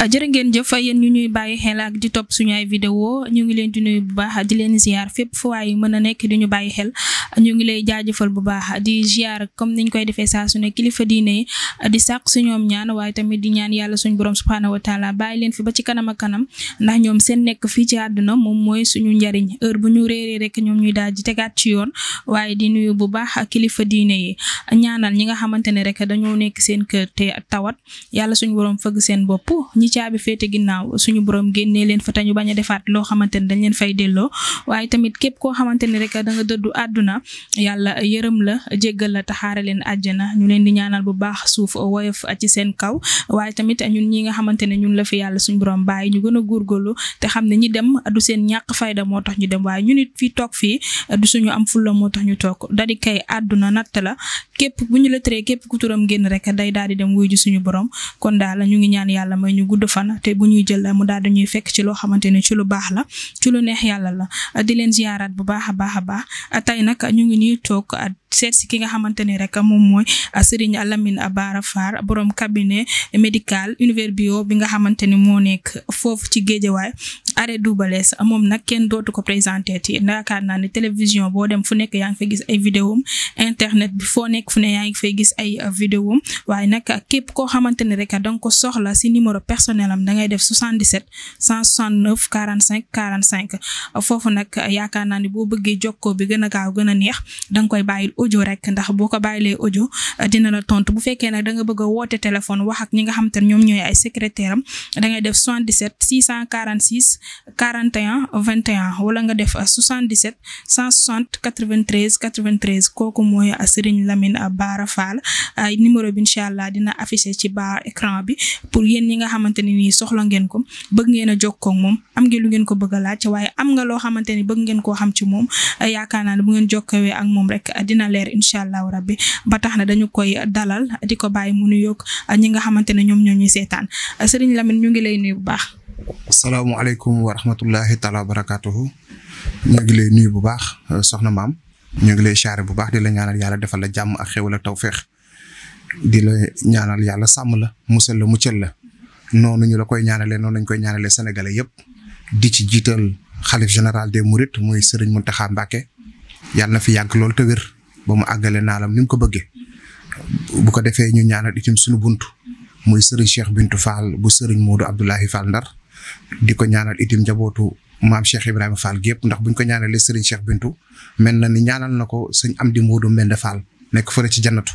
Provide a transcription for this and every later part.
Ah, jërë ngeen jëf yéen ñu ñuy bàyyi xel ak di top suñu ay vidéo ñu ngi leen di nuyu bu baax di leen ziar fépp fu waay mën a nekk di ñu bàyyi xel ñu ngi lay jaajëfal bu baax di ziar comme niñ koy defee saa su ne kilifa diine di sàq su ñoom ñaan waaye tamit di ñaan yàlla suñu borom subhaanahu wa taala bàyyi leen fi ba ci kanam kanam ndax ñoom seen nekk fii ci àdduna moom mooy suñu njariñ heure bu ñu réeree rek ñoom ñuy daal di tegaat ci yoon waaye di nuyu bu baax kilifa diine yi ñaanal ñi nga xamante ne rek dañoo nekk seen kër te tawat yàlla suñu borom fëgg seen bopp ñi caabi féete ginnaaw suñu borom génnee leen fa te ñu bañ a defaat lo xamante ne dañ leen fay delloo waaye tamit képp koo xamante ne rek da nga dëddu àdduna yàlla yërëm la jégal la taxaare leen àjjana ñu leen di ñaanal bu baax suuf woyof ci seen kaw waaye tamit ñun ñi nga xamante ne ñun la fi yàlla suñu borom bàyyi ñu gën a góorgóorlu te xam ne ñi dem du seen ñàkk fayda moo tax ñu dem waaye ñu nit fii toog fii du am fulla moo tax ñu toog dadi kay àdduna natt la képp bu ñu la tëree képp ku turam génn rek day daal dem wuy suñu borom gudd fan te bu ñuy jël mu daal dañuy fekk ci loo xamante ne ci lu baax la ci lu neex yàlla la di leen ziyaaraat bu baax a baax a baax tey nag ñu ngi nii toog seet si ki nga xamante ni rek moom mooy a ah, baara Bara Fall borom cabinet médical univers bio bi nga xamante ni moo nekk foofu ci géejawaay arrêt doubalees moom nag kenn dootu ko présenté ci yaakaar naa ne télévision boo dem fu nekk yaa ngi fay gis ay vidéom internet bi foo nekk fu ne yaa ngi fay gis ay ah, vidéom waaye nag képp koo xamante ni rek danga ko soxla si numéro personnel am da ngay def 77 169 45 45 foofu nag yaakaar naa ne boo bëggee jokkoo bi gën a gaaw gën a neex danga koy bàyyil audio rek ndax boo ko bàyyilee audio euh, dina la tontu bu fekkee nag da nga bëgg a woote téléphone wax ak ñi nga xam te ne ñoom ñooy ay secrétaire am da ngay def 77 646 41 21 wala nga def 77 160 93 93 kooku mooy euh, Serigne Lamine Bara Fall numéro bi incha allah dina affiché ci bas écran bi pour yéen ñi nga xamante soxla ngeen ko bëgg ngeen a jokkoo ak moom am ngeen lu ngeen ko bëgg a laaj waaye am nga loo xamante ni bëgg ngeen koo xam ci moom yaakaar naa ne bu ngeen jokkowee ak moom rek dina leer incha allahu rabbi ba tax na dañu koy dalal di ko bàyyi mu nu nuyoog ñi nga xamante ne ñoom ñoo ñuy seetaan sëriñ Lamine ñu ngi lay nuyu bu baax. asalaamaaleykum wa rahmatullahi taala wa barakatuhu ñu ngi nuyu bu baax soxna maam ñu ngi lay siyaare bu baax di la ñaanal yàlla defal la jàmm ak xéwal ak tawféex di la ñaanal yàlla sàmm la musal la muccal la noonu ñu la koy ñaanalee noonu lañ koy ñaanalee sénégalais yëpp di ci jiital xalif général des mourides muy Serigne taxa Mbacké yàlla na fi yàgg lool te wér ba mu àggale naalam ni mu ko bëggee bu ko defee ñu ñaanal itam suñu buntu muy sëriñ Cheikh Bintu Fall bu sëriñ Modou Abdoulahi Fall Ndar di ko ñaanal itam njabootu maam Cheikh Ibrahima Fall gépp ndax buñ ko ñaanalee sëriñ Cheikh Bintu mel na ni ñaanal na ko sëñ Amdi Modou Mbende Fall nekk fële ci jannatu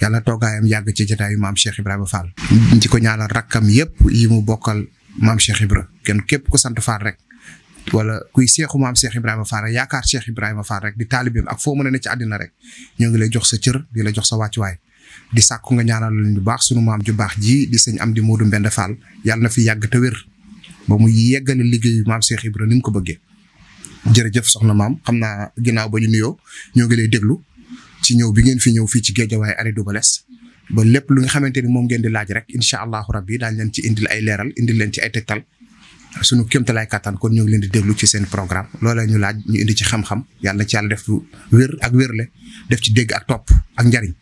yàlla toogaayam yàgg ci jataayu maam Cheikh Ibrahima Fall. di ko ñaanal rakkam yëpp yi mu bokkal maam Cheikh Ibra kenn képp ku sant Fall rek. wala kuy seexu maam Cheikh Ibrahima a rek yaakaar Cheikh Ibrahima Fall rek di taalibeem ak foo mën a ne ci àddina rek ñoo ngi lay jox sa cër di la jox sa wàccuwaay di sàkku nga ñaanal leen baax sunu maam ju baax ji di am Amdi Modou Mbende faal yàlla na fi yàgg te wér ba mu yeggale liggéeyu maam Cheikh Ibrahima ni mu ko bëggee jërëjëf soxna maam xam naa ginnaaw ba ñu nuyoo ñoo ngi lay déglu ci ñëw bi ngeen fi ñëw fii ci Guédiawaye arrêt Doubalès ba lépp lu nga xamante ni moom ngeen rek incha allahu rabbi daañ leen ci indil ay leeral indil leen ci ay tegtal suñu kéemtalaay kattan kon ñoo ngi leen di deglu ci seen programme loole ñu laaj ñu indi ci xam-xam yàlla na ci yàlla def wér ak wérle def ci dégg ak topp ak njariñ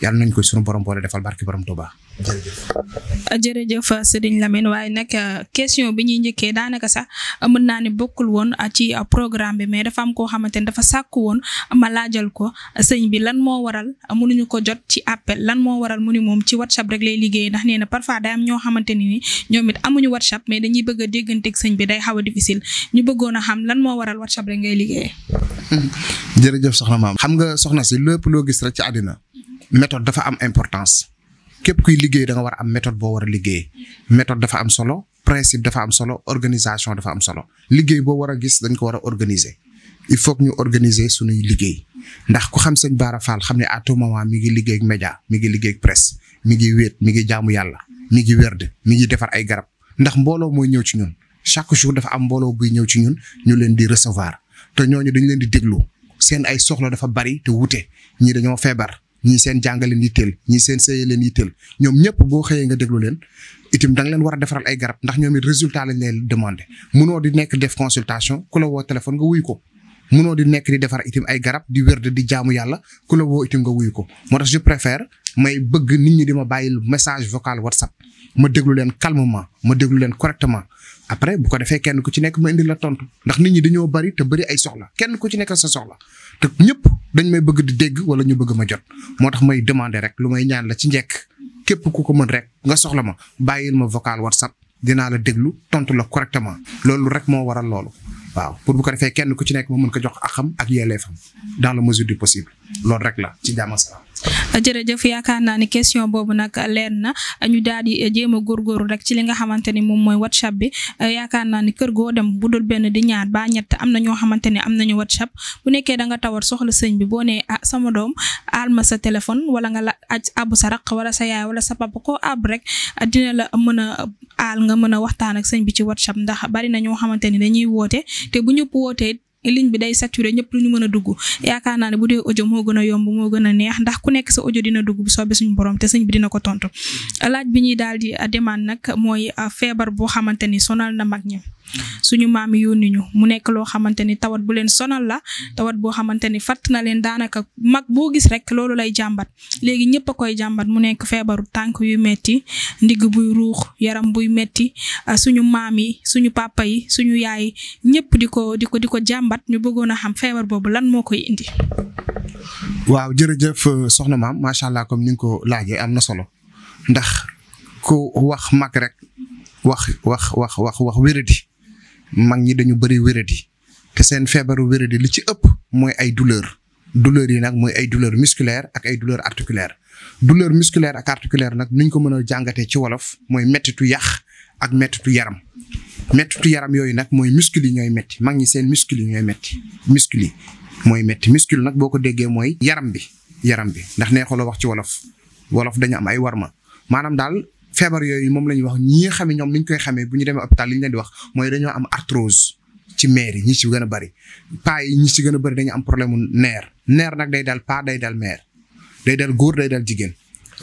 yàlla nañ ko suñu borom boole defal barki borom Tuubaa jërëjëf Serigne Lamine waaye nag euh, question bi ñuy njëkkee daanaka sax euh, mën naa ne bokkul woon euh, ci programme bi mais dafa am koo xamante ne dafa sàkku woon ma laajal ko sëñ bi lan moo waral mënuñu ko jot ci appel lan moo waral mu ni moom ci WhatsApp rek lay liggéey ndax nee na parfois day am ñoo xamante ne ni ñoom it amuñu WhatsApp mais dañuy bëgg a dégganteeg sëñ bi day xaw a difficile ñu bëggoon a xam lan moo waral WhatsApp rek ngay liggéey. jërëjëf soxna maam xam nga soxna si lépp loo gis rek ci àddina méthode dafa am importance. képp kuy liggéey da war a am méthode boo war a liggéey méthode dafa am solo principe dafa am solo organisation dafa am solo liggéey boo war a gis dañ ko war a organiser il faut ñu organiser suñuy liggéey ndax ku xam sëñ Bara Fall xam ne à tout moment mi ngi liggéey ak média mi ngi liggéey ak mi ngi wéet mi ngi jaamu yàlla mi ngi werd mi ngi defar ay garab ndax mbooloo mooy ñëw ci ñun chaque jour dafa am mbooloo buy ñëw ci ñun ñu leen di recevoir te ñooñu dañu leen di déglu seen ay soxla dafa bari te wuute ñii dañoo feebar ñii seen jàngaleen leen yitteel ñii seen sëye leen yitteel ñoom ñëpp boo xëyee nga déglu leen itam da leen war a defaral ay garab ndax ñoomi résultat lañ leen demandé munoo di nekk def consultation ku la woo téléphone nga wuyu ko munoo di nekk di defar itam ay garab di wér di jaamu yàlla ku la woo itam nga wuyu ko moo tax je préfère may bëgg nit ñi di ma bàyyil message vocal WhatsApp ma déglu leen calmement ma déglu leen correctement après bu ko defee kenn ku ci nekk indi la tontu ndax nit ñi dañoo bari te bari ay soxla kenn ku ci nekk sa soxla te dañ may bëgg di dégg wala ñu bëgg ma jot moo tax may demande rek lu may ñaan la ci njekk képp ku ko mën rek nga soxla ma bàyyil ma vocal WhatsApp dinaa la déglu tontu la correctement loolu rek moo waral loolu. waaw pour bu ko defee kenn ku ci nekk ma mën ko jox a axam ak yelleefam dans la mesure di possible loolu rek la ci jàmm jërëjëf yaakaar naa ni question boobu nag leer na ñu daal di jéem a góorgóorlu rek ci li nga xamante ni moom mooy WhatsApp bi yaakaar naa ni kër goo dem bu dul benn di ñaar ba ñett am na ñoo xamante ne am nañu WhatsApp bu nekkee da nga tawar soxla sëñ bi boo nee a ah, sama doom aal ma sa téléphone wala nga la aj abu sa raq wala sa yaay wala sa papa koo ab rek dina la mën a aal nga mën a waxtaan ak sëñ bi ci WhatsApp ndax bari na ñoo xamante ni dañuy woote te bu ñu wootee ligne bi day saturer ñëpp lu ñu mën dugg yaakaar naa ne bu dee audio mo gëna yomb mo gëna neex ndax ku nekk sa audio dina dugg bu soobee suñu borom té señ bi dina ko tontu laaj bi ñi daldi di demande nak moy fièvre bo xamanteni sonal na mag ñi suñu maam yónni ñu mu nekk lo xamanteni tawat bu len sonal la tawat bo xamanteni fat na len danaka mag bo gis rek lolu lay jambat, légui ñëpp a koy jambat mu nekk fièvre tank yu metti ndig bu ruux yaram bu metti suñu maam yi suñu papa yi suñu yaay ñëpp di ko di ko di ko jambat jàmbat bëggoon a xam feebar boobu lan moo koy waaw jërëjëf euh, soxna maam macha allah comme ni nga ko laajee am na solo ndax ku wax mag rek wax wax wax wax wax wéradi mag ñi dañu bëri wéradi te seen feebaru wéradi li ci ëpp mooy ay douleur douleur yi nag mooy ay douleur musculaire ak ay douleur articulaire douleur musculaire ak articulaire nag niñ ko mën a jàngatee ci wolof mooy mettitu yax ak mettitu yaram mettitu yaram yooyu nag mooy muscle yi ñooy metti mag ñi seen muscle yi ñooy metti muscle yi mooy metti muscle nag boo ko déggee mooy yaram bi yaram bi ndax neexuloo wax ci wolof wolof dañu am ay warma maanaam daal feebar yooyu moom la ñuy wax ñi nga xamee ñoom ni koy xamee bu ñu demee hôpital li ñu leen di wax mooy dañoo am arthrose ci meer yi ñi ci gën a bari paa yi ñi ci gën a bari dañu am problème mu neer neer nag day daal paa day dal meer day dal góor day dal jigéen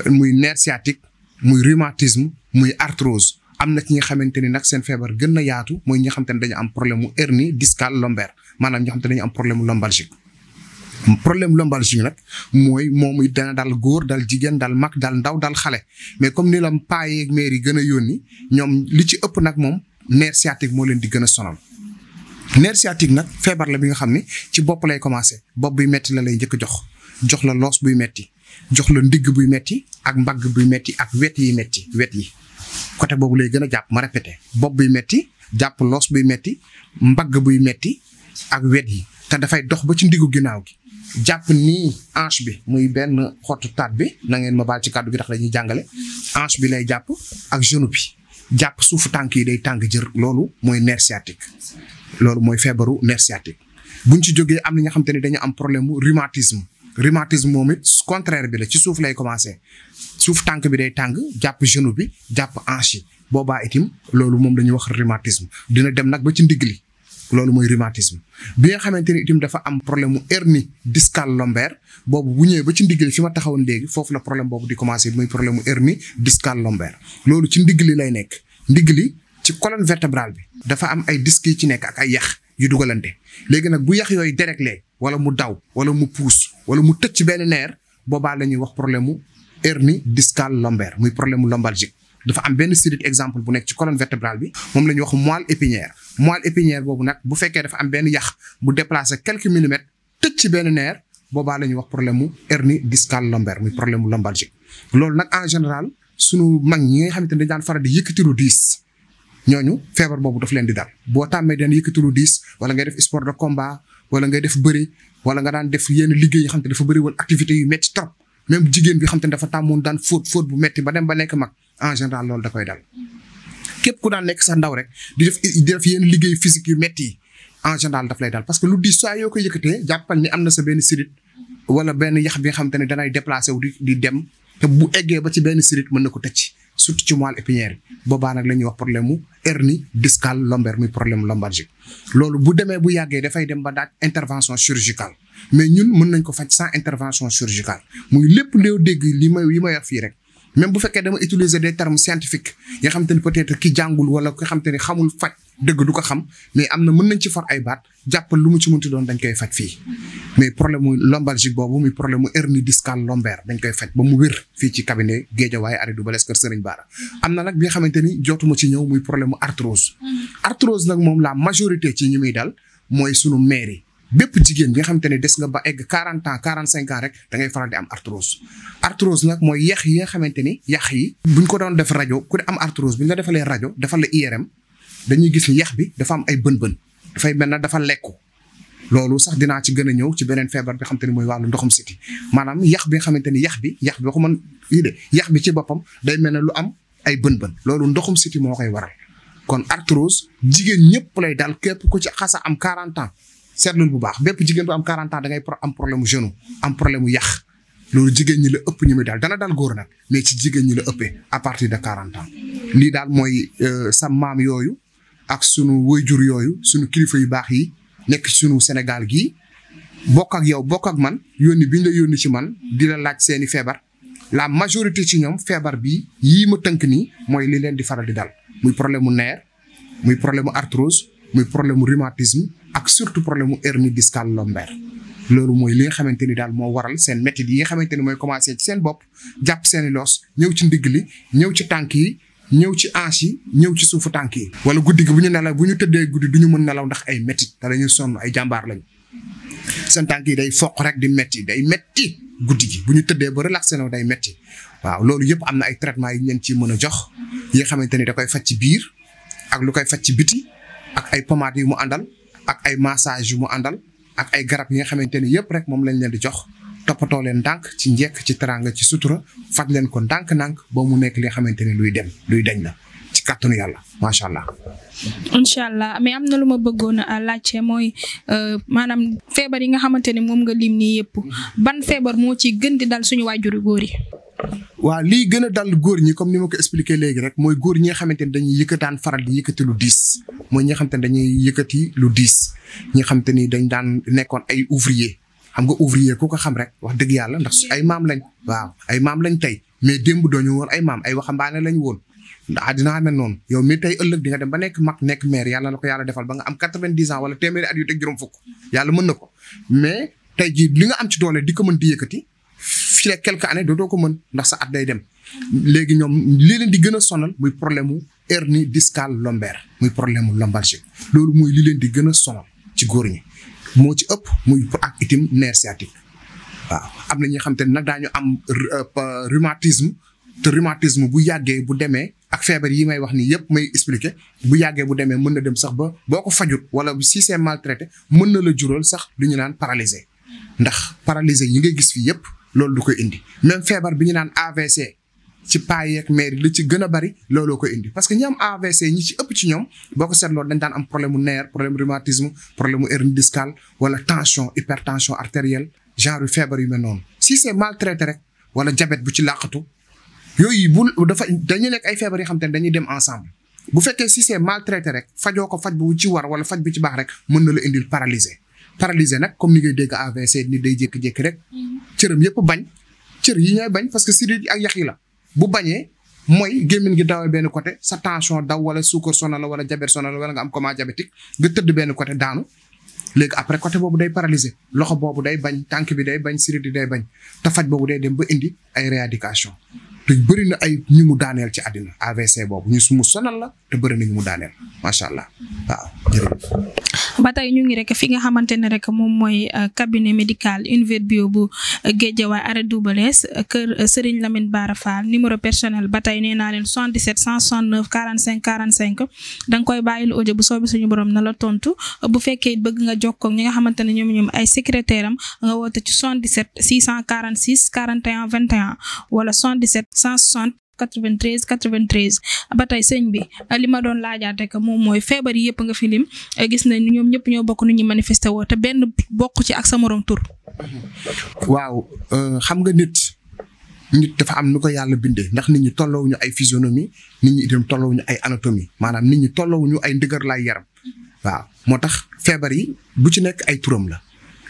muy neer sciatique muy rhumatisme muy artrose am na ci nga xamante ni nag seen feebar gën na yaatu mooy ñi nga xamante ne dañu am problème mu hernie discale lombaire maanaam ñi nga xamante ne dañu am problème mu lombalgique problème lombalgique nag mooy moom it dana daal góor daal jigéen daal mag daal ndaw daal xale mais comme ni la paa yeeg mère yi gën a yónni ñoom li ci ëpp nag moom nerf sciatique moo leen di gën a sonal. nerf sciatique nag feebar la bi nga xam ne ci bopp lay commencé bopp buy metti la lay njëkk jox jox la loos buy metti jox la ndigg buy metti ak mbagg buy metti ak wet yi metti wet yi. côté boobu lay gën a jàpp ma répété bopp buy metti jàpp loos buy metti mbagg buy metti ak wet yi te dafay dox ba ci ndiggu ginnaaw gi jàpp nii hanche bi muy benn xottu taat bi na ngeen ma baal ci kàddu gi tax lañuy jàngale hanche bi lay jàpp ak genou bi jàpp suufu tànk yi day tànk jër loolu mooy nerf sciatique loolu mooy feebaru nerf sciatique buñ ci jógee am na ñoo xam te ne dañu am problème mu rhumatisme rhumatisme moom it contraire bi la ci suuf lay commencé suuf tànk bi day tàng jàpp genou bi jàpp hanche boobaa itim loolu moom dañuy wax rhumatisme dina dem nag ba ci ndigli loolu mooy rhumatisme bi nga xamante ni itam dafa am problème mu hernie discale lombaire boobu bu ñëwee ba ci ndigli fi ma taxawoon léegi foofu la problème boobu di commencé muy problème mu hernie discale lombaire loolu ci ndigli lay nekk ndigli ci colonne vertébrale bi dafa am ay disques yi ci nekk ak ay yax yu dugalante léegi nag bu yax yooyu dérégler wala mu daw wala mu puus wala mu tëj ci benn neer boobaa la ñuy wax problème mu hernie discale lombaire muy problème mu lombalgique dafa am benn sidit exemple bu nekk ci colonne vertébrale bi moom la ñuy wax moelle épinière moelle épinière boobu nag bu fekkee dafa am benn yax bu déplacé quelques millimètres tëj ci benn neer boobaa la wax problème mu hernie discale lombaire muy problème mu lombalgique loolu nag en général sunu mag ñi nga xam ne dañ daan faral di diis ñoñu feebar bobu daf leen di dal bo tamé daan yëkëtu lu 10 wala nga def sport de combat wala nga def bëri wala nga daan def yeen liggéey yi dafa bëri wala activité yu metti trop même jigen bi xam dafa tamoon daan foot foot bu metti ba dem ba nek mak en général lool da koy dal képp ku daan nek sa ndaw rek di def di def yenn liggéey physique yu metti en général daf lay dal parce que lu 10 sa yoo ko yëkkatee jàppal ni amna sa benn sirit wala benn yax bi nga da te déplacer wu di dem té bu éggé ba ci benn sirit mëna ko tecc surtout ci moelle épinière bi boobaa nag la wax problème mu hernie discale lombaire muy problème lombargique loolu bu demee bu yàggee dafay dem ba daaj intervention chirurgicale mais ñun mën nañ ko faj sans intervention chirurgicale muy lépp léew dégg li may yi may wax fii rek même bu fekkee dama utiliser des termes scientifiques nga xam te ni peut-être ki jàngul wala ki xam te ni xamul faj dëgg du ko xam mais am na mën nañ ci for ay baat jàppal lu mu ci mënti doon dañ koy faj fii. mais problème mu lombalgique boobu muy problème mu hernie discale lombaire dañ koy faj ba mu wér fii ci cabinet Guédiawaye Aridou Balès Kër Serigne Bara. am na nag bi nga xamante ni jotuma ci ñëw muy problème mu arthrose. Mm. arthrose nag moom laa majorité ci ñi muy dal mooy sunu maire yi bépp jigéen bi nga xamante ne des nga ba egg quarante ans quarante cinq ans rek da ngay faral di am arthrose arthrose nag mooy yax yi nga xamante ni yax yi buñ ko doon def rajo ku am artrose bi nga defalee rajo defal la IRM dañuy gis ni yax bi dafa am ay bën-bën dafay mel na dafa lekku loolu sax dinaa ci gën a ñëw ci beneen feebar bi nga xamante ni mooy wàllu ndoxum siti maanaam yax bi nga xamante ni yax bi yax bi waxu man yi bi ci boppam day mel ne lu am ay bën-bën loolu ndoxum siti moo koy waral kon artrose jigéen ñëpp lay daal képp ko ci xasa am quarante ans seetlu bu baax bépp jigéen bu am 40 ans da ngay am problème mu genou am problème mu yàq loolu jigéen ñi la ëpp ñu daal dana daal góor nag mais ci jigéen ñi la ëppee à partir de 40 ans lii daal mooy euh, sa maam yooyu ak sunu wëyjur yooyu sunu kilifa yu baax yi nekk ci sunu Sénégal gii bokk ak yow bokk ak man yónni biñ la yónni ci man di la laaj seeni feebar la majorité ci ñoom feebar bi yii ma tënk nii mooy li leen di faral di dal muy problème mu nerf muy problème mu arthrose muy problème mu rhumatisme. ak surtout problème mu hernie discale lombaire loolu mooy li nga xamante ni daal moo waral seen métit yi nga xamante ni mooy commencé ci seen bopp jàpp seeni i loos ñëw ci ndigg li ñëw ci tànk yi ñëw ci hanche yi ñëw ci suufu tànk yi. wala guddi gi bu ñu nelaw bu ñu tëddee guddi du ñu mën nelaw ndax ay métit te dañuy sonn ay jàmbaar lañu seen tànk yi day foq rek di métti day métti guddi gi bu ñu tëddee ba relaxé na day métti waaw loolu yëpp am na ay traitement yi ñu leen mën a jox yi nga xamante ni da koy faj ci biir ak lu koy faj ci biti ak ay pommades yu mu àndal ak ay massage yu mu àndal ak ay garab yi nga xamante ne yëpp rek moom lañ leen di jox toppatoo leen ndànk ci njekk ci teranga ci sutura faj leen ko ndànk-ndànk ba mu nekk li nga xamante ne luy dem luy dañ la ci kàttanu yàlla macha allah. incha allah mais am na lu ma bëggoon a laajte mooy euh, maanaam feebar yi nga xamante ne moom nga lim nii yëpp ban feebar moo ci gën di dal suñu waajuru góor yi. waaw lii gën a dal góor ñi comme ni ma ko expliqué léegi rek mooy góor ñi nga xamante ni dañuy yëkkataan faral di yëkkati lu diis mooy ñi nga xamante ni dañuy yëkkati lu diis ñi nga ni dañ daan nekkoon ay ouvrier xam nga ouvrier ku ko xam rek wax dëgg yàlla ndax ay maam lañ waaw ay maam lañ tey mais démb dooñu woon ay maam ay waxambaane lañ woon ndax dinaa mel noonu yow mi tey ëllëg di nga dem ba nekk mag nekk maire yàlla na ko yàlla defal ba nga am quatre-vingt-dix ans wala téeméeri at yu teg juróom fukk yàlla mën na ko mais tey jii li nga am ci doole di ko mën di yëkkati fii la quelques années doo ko mën ndax sa at day dem léegi ñoom li leen di gën a sonal muy problème mu hernie discale lombaire muy problème mu lombalgique loolu muy li leen di gën a sonal ci góor ñi moo ci ëpp muy ak itim nerf sciatique waaw am na ñi xam te nag daañu am euh, rhumatisme te rhumatisme bu yàggee bu demee ak feebar yi may wax nii yëpp may expliquer bu yàggee bu demee mën na dem sax ba boo ko fajut wala si c'est maltraité mën na la juróol sax lu ñu naan paralysé ndax paralysé yi nga gis fii yëpp. loolu du koy indi même feebar bi ñu naan AVC ci paa yeeg mère li ci gën a bari looloo koy indi parce que ñi am ñi ci ëpp ci ñoom boo ko seetloo dañ daan am problème mu nerf problème rhumatisme problème mu hernie discale wala tension hypertension artérielle genre feebar yu mel noonu. si c'est maltraité rek wala diabète bu ci làqatu yooyu bu dafa dañu nekk ay feebar yoo xam te ne dañuy dem ensemble bu fekkee si c'est maltraité rek fajoo ko faj bu ci war wala faj bu ci baax rek mën na la indil paralysé paralysé nag comme ni ngay dégg AVC ni day jékki-jékki rek. Mm-hmm. cëram yëpp bañ cër yi bañ parce que sidit ak yax yi la bu bañee mooy gémmiñ gi dawee benn côté sa tension daw wala suukar sonal la wala diabète sonal la wala nga am coma diabétique nga tëdd benn côté daanu léegi après côté boobu day paralysé loxo boobu day bañ tànk bi day bañ sidit yi day bañ te faj boobu day dem ba indi ay rééducation te bëri na ay ñu mu daaneel ci àddina AVC boobu ñu su sonal la te bëri na daaneel macha allah waaw ñu ngi rek fi nga xamante ne rek moom mooy euh, cabinet médical Univerbio bu euh, a arrêt Doubales euh, kër Serigne Lamine Bara Fall numéro personnel ba tey nee naa leen 77 169 45 45 da nga koy bàyyil audio bu soobee suñu na la tontu bu fekkee bëgg nga jokkoo ak ñi nga xamante ne ñoom ñoom ay secrétaire am nga woote ci 77 646 41 160 93 93 ba tey seeñ bi li ma doon laajaate moom mooy feebar yëpp nga fi lim eh, gis nañ ñoom ñëpp ñoo bokk nu ñu manifesté woo te benn bokk ci ak sa morom tur. waaw euh, xam nga nit nit dafa am nu ko yàlla bindee ndax nit ñi tolloowuñu ay physionomie nit ñi itam tolloowuñu ay anatomie maanaam nit ñi tolloowuñu ay dëgër laay yaram waaw moo tax feebar yi bu ci nekk ay turam la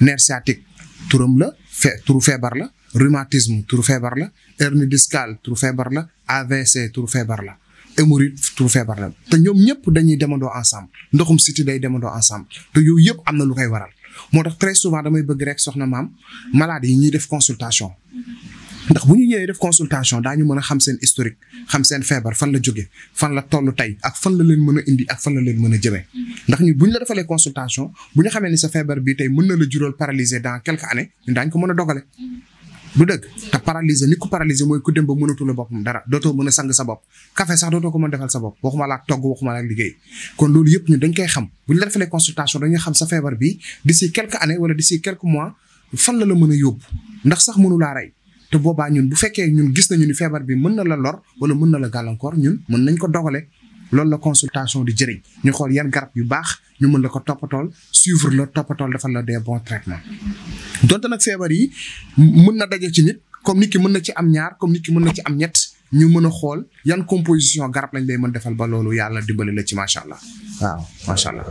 nerf sciatique turam la fe feebar la rhumatisme turu feebar la hernie discale tur feebar la AVC tur feebar la hémorroïde tur feebar la te ñoom ñëpp dañuy demandoo ensemble ndoxum siti day demandoo ensemble te yooyu yëpp am na lu koy waral moo tax très souvent damay bëgg rek soxna maam malade yi ñuy def consultation ndax bu ñu ñëwee def consultation ñu mën a xam seen historique xam seen feebar fan la jóge fan la toll tey ak fan la leen mën a indi ak fan la leen mën a jëmee ndax ñu bu ñu la defalee consultation bu ñu xamee ni sa feebar bii tey mën na la jural dans quelques années ñu ko mën a dogale du dëkk te paralysé li ko paralysé mooy ku dem ba mënatul boppam dara dootoo mën a sang sa bopp café sax dootoo ko mën defal sa bopp waxuma laa togg waxuma laa liggéey kon loolu yëpp ñun dañ koy xam bu ñu la defalee consultation dañuy xam sa feebar bi d'ici anne années di si quelques mois fan la la mën a yóbbu ndax sax mënu rey te boobaa ñun bu fekkee ñun gis nañu ni feebar bi mën na la lor wala mën na la gàllankoor ñun mën nañ ko dogale loolu la consultation di jëriñ ñu xool yan garab yu baax ñu mën na ko toppatool suivre la toppatool defal la des bons traitements donte nag feebar yi mën na daje ci nit comme nit ki mën na ci am ñaar comme nit ki mën na ci am ñett ñu mën a xool yan composition garab lañ lay mën defal ba loolu yàlla dimbali la ci macha allah. waaw macha allah.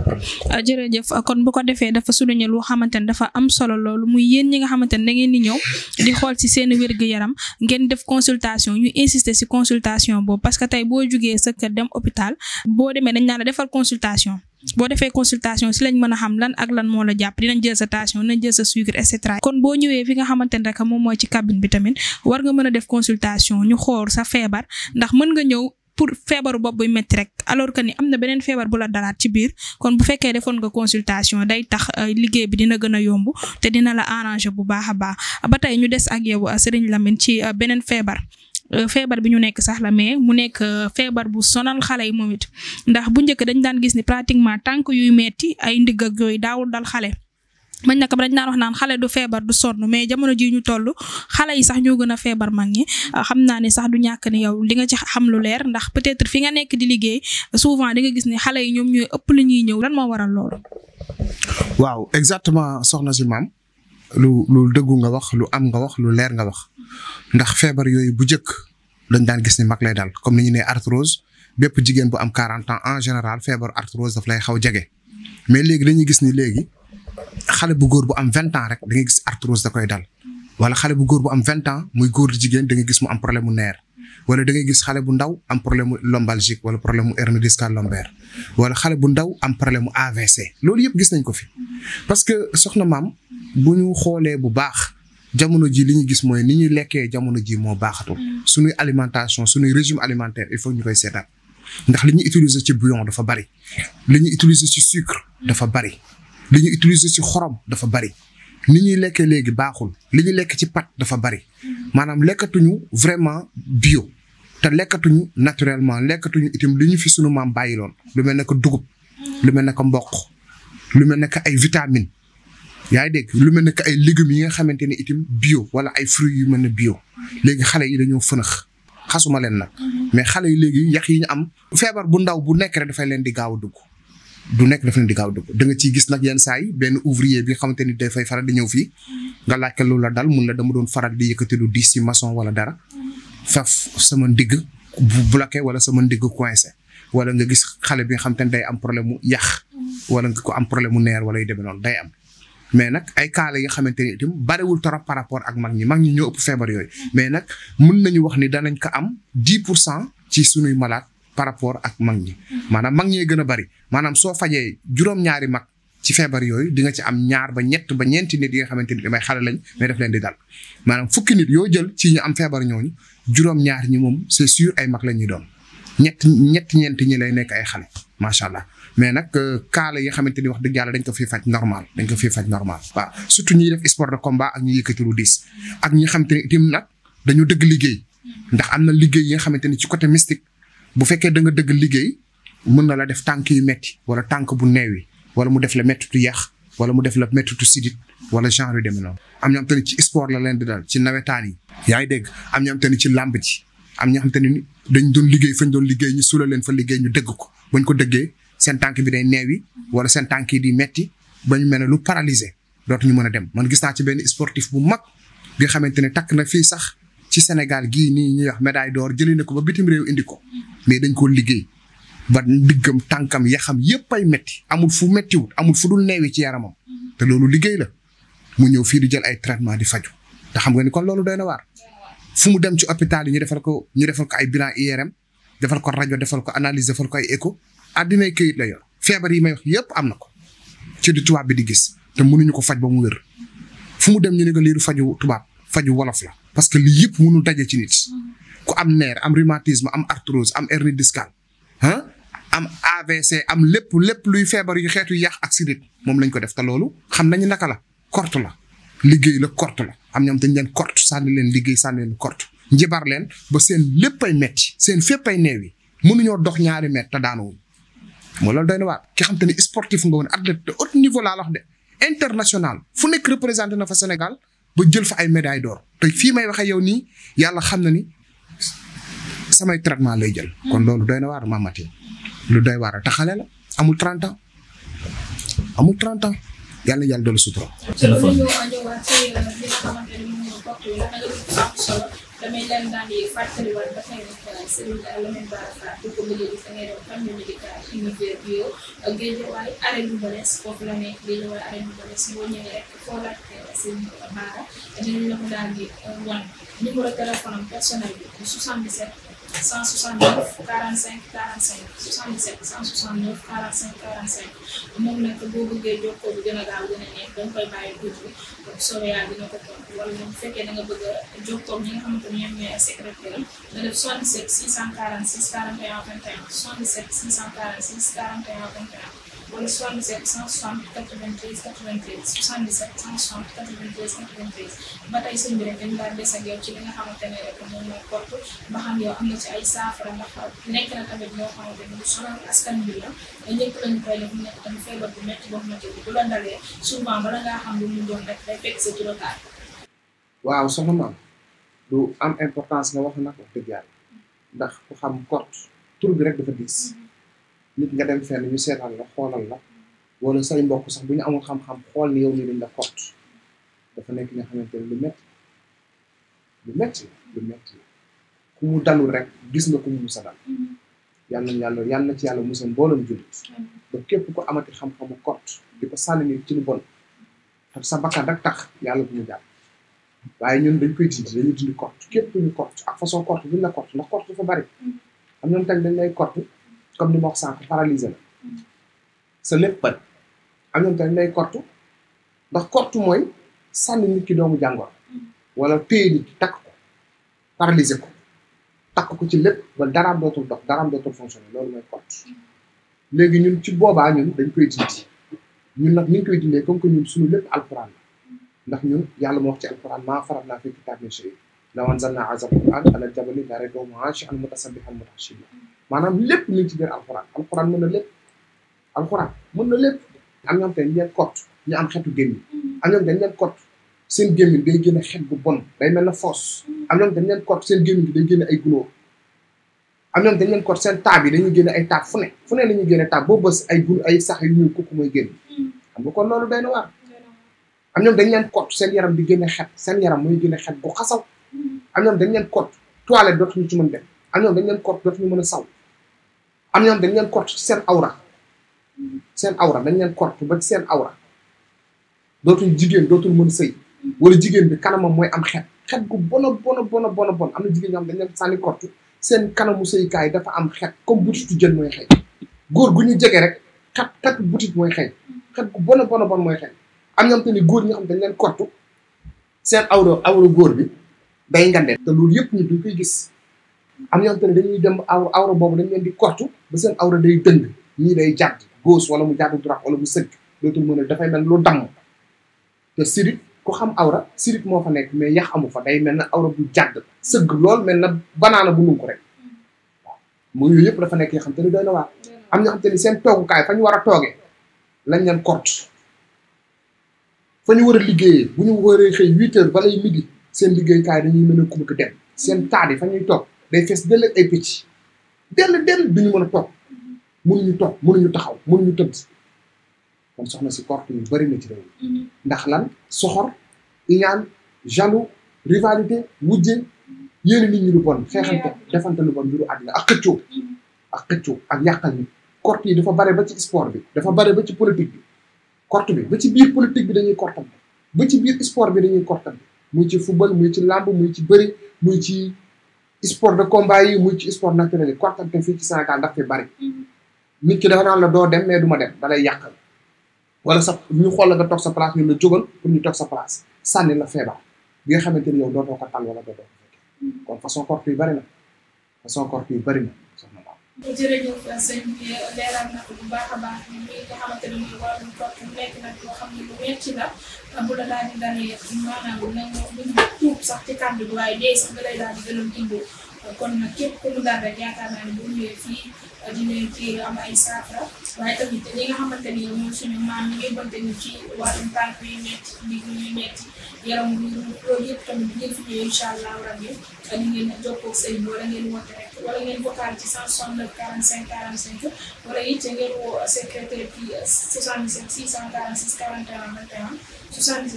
Ah, jërëjëf kon bu ko defee dafa souligné lu xamante ne dafa am solo loolu muy yéen ñi nga xamante ne da ngeen di ñëw di xool ci seen wér-gu-yaram ngeen def consultation ñu insister ci consultation boobu parce que tey boo jugee sa kër dem hôpital boo demee dañ naan la defal consultation. boo defee consultation si lañ mën a xam lan ak lan moo la jàpp dinañ jël sa tension dinañ jël sa sucre kon boo ñëwee fi nga xamante ne rek moom mooy ci cabine bi tamit war nga mën a def consultation ñu pour feebaru bopp buy métti rek alors que ni am na beneen feebar bu la dalaat ci biir kon bu fekkee defoon nga consultation day tax euh, liggéey bi dina gën a yomb te dina la arranger bu baax a baax ba tey ñu des ak yow euh, Serigne Lamine ci euh, beneen feebar. feebar bi ñu nekk sax la mais mu nekk feebar bu sonal xale yi moom it ndax bu njëkk dañ daan gis ni pratiquement tànk yuy metti ay ndigg ak yooyu daawul dal xale. man nak bañ na wax naan xalé du febar du sonu mais jamono ji ñu tollu xalé yi sax ñu gëna febar mag ñi ah, xam naa sax du ñak ni yow li nga ci xam lu leer ndax peut-être fi nga nekk di liggéey souvent di nga gis ni xalé yi ñom ñoy ëpp lu ñuy ñëw lan mo waral lool waaw exactement soxna ci mam lu lu deggu nga wax lu am nga wax lu leer nga wax ndax febar yoy bu jëk dañ daan gis ni mag lay dal comme ni ñu né arthrose bép jigen bu am 40 ans en général febar arthrose daf lay xaw jege mais légui dañuy gis ni légui xale bu góor bu am vingt ans rek da nga gis arthrose da koy dal wala xale bu góor bu am vingt ans muy góor jigéen da nga gis mu am problème mu neer wala da gis xale bu ndaw am problème lombalgique wala problème mu hernie discale lombaire wala xale bu ndaw am problème mu AVC loolu yëpp gis nañ ko fi parce que soxna maam bu ñu xoolee bu baax jamono ji li ñu gis mooy ni ñuy lekkee jamono ji moo baaxatul suñuy alimentation suñuy régime alimentaire il faut ñu koy seetaat ndax li ñu utiliser ci bouillon dafa bari li ñu utiliser ci sucre dafa bari li ñuy utiliser ci xorom dafa bari ni ñuy lekkee léegi baaxul li ñuy lekk ci pat dafa bari maanaam lekkatuñu vraiment bio te lekkatuñu naturellement lekkatuñu itam li ñu fi sunu maam bàyyi lu mel ne que dugub lu mel ne que mboq lu mel ne que ay vitamine yaay dégg lu mel ne que ay légumes yi nga xamante ne itam bio wala ay fruits yu mel ne bio léegi xale yi dañoo fënax xasuma leen nag mais xale yi léegi yax yi ñu am feebar bu ndaw bu nekk rek dafay leen di gaaw a dugg du nek def na di gaaw dugg da nga ci gis nak yeen say ben ouvrier bi xamanteni day fay dafay faral di ñew fi nga laj lu la dal mun la dama doon faral di yëkëti lu diis ci maçon wala dara faf sama ndig bu bloqué wala sama ndig coincé wala nga gis xalé bi xamanteni day am problème mu yàq wala nga ko am problème mu neer wala yu demee noonu day am mais nak ay kala yi xamanteni xamante bari wul torop par rapport ak mag ñi mag ñi ñoo ëpp fièvre yoy mais nak mën nañu wax ni danañ ko am 10 ci sunuy malade par rapport ak mag ñi manam mag ñey gëna bari manam so fajee juróom-ñaari mag ci feebar yoy di nga ci am ñaar ba ñett ba ñeenti nit yi nga xamanteni ni xalé lañ may def leen di dal manam fukki nit yo jël ci ñu am feebar ñooñu juróom-ñaar ñi mom c'est sûr ay mag la ñuy doon ñett ñett ñeent ñi lay nekk ay xale macha allah mais nak kala euh, yi xamanteni wax deug yalla dañ ko fi fajj normal dañ ko fi fajj normal wa surtout ñi def sport de combat ak ñi yëkëti lu diis ak ñi xamanteni tim nak dañu deug liggéey ndax amna liggéey yi nga xamanteni ci côté mystique bu fekkee da nga dëgg liggéey mën na la def tànk yu metti wala tànk bu neewi wala mu def la mettitu yax wala mu def la mettitu sidit wala genre yu demee noonu. am ñoo xam te ni ci sport la leen di dal ci nawetaan yi. yaa ngi dégg am ni ci làmb ji am ñoo xam te ni dañ doon liggéey fañ doon liggéey ñu suula leen fa liggéey ñu dëgg ko bañ ko dëggee seen tànk bi day neewi wala seen tànk yi di metti ba ñu mel ne lu paralysé dootuñu mën a dem man gis naa ci benn sportif bu mag bi xamante ne takk na fii sax ci senegal gini ni ñi wax médaille d'or jëlé na ko ba bitim réew indi ko mais dañ ko liggéey ba ndiggam tànkam yaxam yépp ay metti amul fu wut amul fu dul neewi ci yaramam té lolu liggéey la mu ñëw fi di jël ay traitement di faju te xam nga ni kon lolu doyna war fu mu dem ci hôpital yi ñu défal ko ñu défal ko ay bilan IRM défal ko radio défal ko analyse défal ko ay écho adina këyit la yor fièvre yi may wax yépp amna ko ci di tuba bi di gis te mënuñu ko faj ba mu wër fu mu dem ñu ne ko liru faju tuba faju wolof la parce que lii yëpp mënul daje ci mm-hmm. ku am neer am rhumatisme am arthrose am hernie discale ah am AVC am lépp lépp luy feebar yu xeetu yàq ak si nit moom lañ ko def te loolu xam nañu naka la korte la liggéey la korte la am ñoom dañ leen korte sànni leen liggéey sànni leen korte njibar leen ba seen lépp ay metti seen fépp ay neew yi mënuñoo dox ñaari mètre daano daanawuñ moo loolu doy na waat ki xam te ne sportif nga woon athlète de haut niveau laa de international fu nekk représenté na fa Sénégal ba jël fa ay médaille d'or te fii may waxee yow nii yàlla xam na ni samay traitement lay jël. kon loolu doy na waar Mamati lu doy waar te xale amul 30 ans amul 30 ans yàlla yàlla doolu sutura. téléphone damay leen daan di fàttaliwaat ba tey rek Serigne Lamine Bara Fall di ko liggéey fa ngay doon famille médicale univers bio Guédiawaye arrêt bu Boles foofu la nekk Guédiawaye arrêt bu Boles boo ñëwee rek foo laaj Serigne Bara dinañ la ko daal di wan personnel bi 77. 169 45 45 77 169 45 45 moom nag boo bëggee jokkoo bu gën a gaaw gën a neex da nga koy bàyyi guddi bu soobee yàlla dina ko tontu wala bu fekkee da nga bëgg a jokkoo ñi nga xamante ne ñoom ñooy secrétaire am nga def 77 646 41 21 77 646 41 21. wala 77 160 93 93 77 160 93 93 ba tey sëñ bi rek dañu daal des ak rek moom mooy porte ba xam yow am na ci ay saafara ndax nekk na tamit ñoo xamante ni lu sonal askan bi la ñëpp e lañu koy def mu nekk tamit feebar bu métti boo xamante ni bu la dalee souvent bala ngaa xam lu mu doon rek day importance nga wax nag wax dëgg ndax ku xam porte tur bi dafa diis. Mm-hmm. nit nga dem fenn ñu seetaan la xoolal la wala say mbokk sax bu ñu amul xam-xam xool ni yow mi dañ la kott dafa nekk nga xamante ne lu métti lu métti lu métti ku mu dalul rek gis nga ku mu musa dal yàlla yàlla yàlla ci yàlla musal mboolem jullit ba képp ko amati xam-xamu kott di ko sànni ci bon ak sa bakkan rek tax yàlla bu mu jàpp ñun dañ koy dindi ñu la kott ndax kott dafa bari am ñoom tamit dañ lay kott comme ni ma wax sànq paralysé la sa lépp bët am ñoom tamit day kortu ndax kortu mooy sànni nit ki doomu jàngoro wala téye nit ki takk ko paralysé ko takk ko ci lépp dara daraam dootul dox daraam dootul fonctionné loolu mooy kortu léegi ñun ci boobaa ñun dañ koy dindi ñun nag ni ñu koy dindee comme que ñun suñu lépp alquran la ndax ñun yàlla moo wax ci alquran maa farat naa fi kitaab min a law anzalnaa haazal qur'aan alaa jabalin laraa'aytahu mu'aashi'an mutasabbihan mutahashiban maanaam lépp ni ngi ci biir alxuraan alxuraan mën na lépp na lépp am ñoom te leen kott ñu am xetu gémmiñ am mm. dañ leen kott seen gémmiñ day génne xet bu bon day mel na foos mm. am ñoom dañ leen kott seen gémmiñ bi day génne ay gunóor am ñoom dañ leen kott seen yi dañuy génne ay taab fu ne fu ne la ñuy génne taab boo bës ay gun ay sax yu ñuy kukku mooy génn mm. xam nga kon loolu day na waar am ñoom dañ leen kott seen yaram di génne xet seen yaram mooy génne xet bu xasaw am ñoom dañ leen kott toilette dootuñu ci mën dem am ñoom dañ leen kott ñu mën a saw am ñoom dañ leen korte ci seen awra seen awra dañ leen korte ba ci seen awra dootul jigéen dootul mën sëy wala jigéen bi kanamam mooy am xet xet gu bon a bon a bon a bon am na jigéen ñoo xam dañ leen sànni korte seen kanamu sëykaay dafa am xet comme butitu jën mooy xëy góor gu ñu jege rek xet xet butit mooy xëy xet gu bon a bon a am ñoom te ni góor ñi xam dañ leen korte seen awra awra góor bi day ngande te loolu yëpp ñu duñ koy gis am ñoo xam te ne dañuy dem awra awra boobu dañ leen di kortu ba seen awra day tëng ñii day jàdd gauche mu jàdd droite wala mu sëgg dootul mën a dafay mel lu damm te xam awra sirit moo fa nekk mais yax amu fa day mel na awra bu jàdd sëgg lool mel na banaana bu nungu yëpp dafa nekk yoo xam te ne doy na waar am ñoo xam te ni seen toogukaay fa ñu war a toogee lañ leen kortu fa ñu war a liggéeyee bu ñu waree xëy huit heures balay midi seen liggéeykaay dañuy mën a kumuk dem seen taat yi fa ñuy toog day fees dell ak ay picc dell dell ñu mën a toog mënuñu toog ñu taxaw mënuñu tëdd kon soxna si corte yu bëri na ci mhm. ndax lan soxor iñaan jaloux rivalité wujje yéene nit ñi lu bon xeexante defante lu bon mbiru àddina ak xëccoo mhm. a xëccoo ak yàqal nit corte yi dafa bare ba ci sport bi dafa bare ba ci politique bi corte bi ba ci biir politique bi dañuy kortante ba ci biir sport bi dañuy bi muy ci football muy ci làmb muy ci bëri muy ci sport de combat yi muy ci sport naturel yi quartantaine fii ci Sénégal daf fi bari mhm. nit ki dafa naan la doo dem mais du ma dem da yàq yàqal wala sa ñu xool la nga toog sa place ñu la jógal pour ñu toog sa place sànni la feebar bi nga xamante ni yow dootoo ko tal wala dootoo ko fekkee mhm. kon façon corps yu bari na façon corps yu bari na jërëjëf sëñ bi leeral na ko bu baax a baax ñun ñi nga xamante ni mooy wàllum topp nekk nag loo xam ne lu metti la bu la daal di dalee maanaam nañu buñ tuub sax ci kàddu bi waaye dee sax nga lay daal di gën a dimbu kon nag képp ku mu dal rek yaakaar naa ne bu ñëwee fii dinañ ci am ay saafara waaye tamit li nga xamante ni ñun suñu maam ñu yóbbante ñu ci wàllum tànk yu metti ndig metti yaram bu loolu yëpp tamit ngeen fi ñëwee a jokkoo ak sëñ ngeen woote rek wala ngeen vocal ci 169 45 45 wala it ngeen woo secrétaire bi 77 646 41 21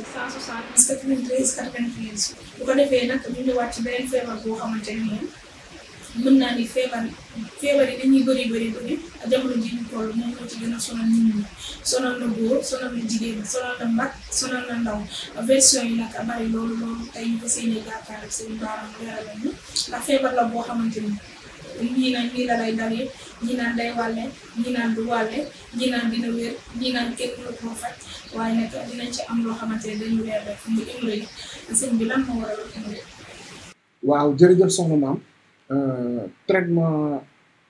77 160 ko defee nag ñu ngi wàcc beneen feebar boo xamante ne mën naa ni feebar feebar yi dañuy bëri bëri bëri jamono ji ñu toll moom moo ci gën a sonal nit ñi sonal na góor sonal na jigéen sonal na mag sonal na ndaw yi nag bari loolu loolu tey ñu fas yéene feebar la boo xamante ni. ñii naan nii la lay dalee ñii naan day wàlle ñii dina wér ñii naan kenn lu ko waaye nag dinañ ci am loo xamante dañu leer def muy hémorroïde sëñ bi lan moo waral waaw jërëjëf soxna maam euh, traitement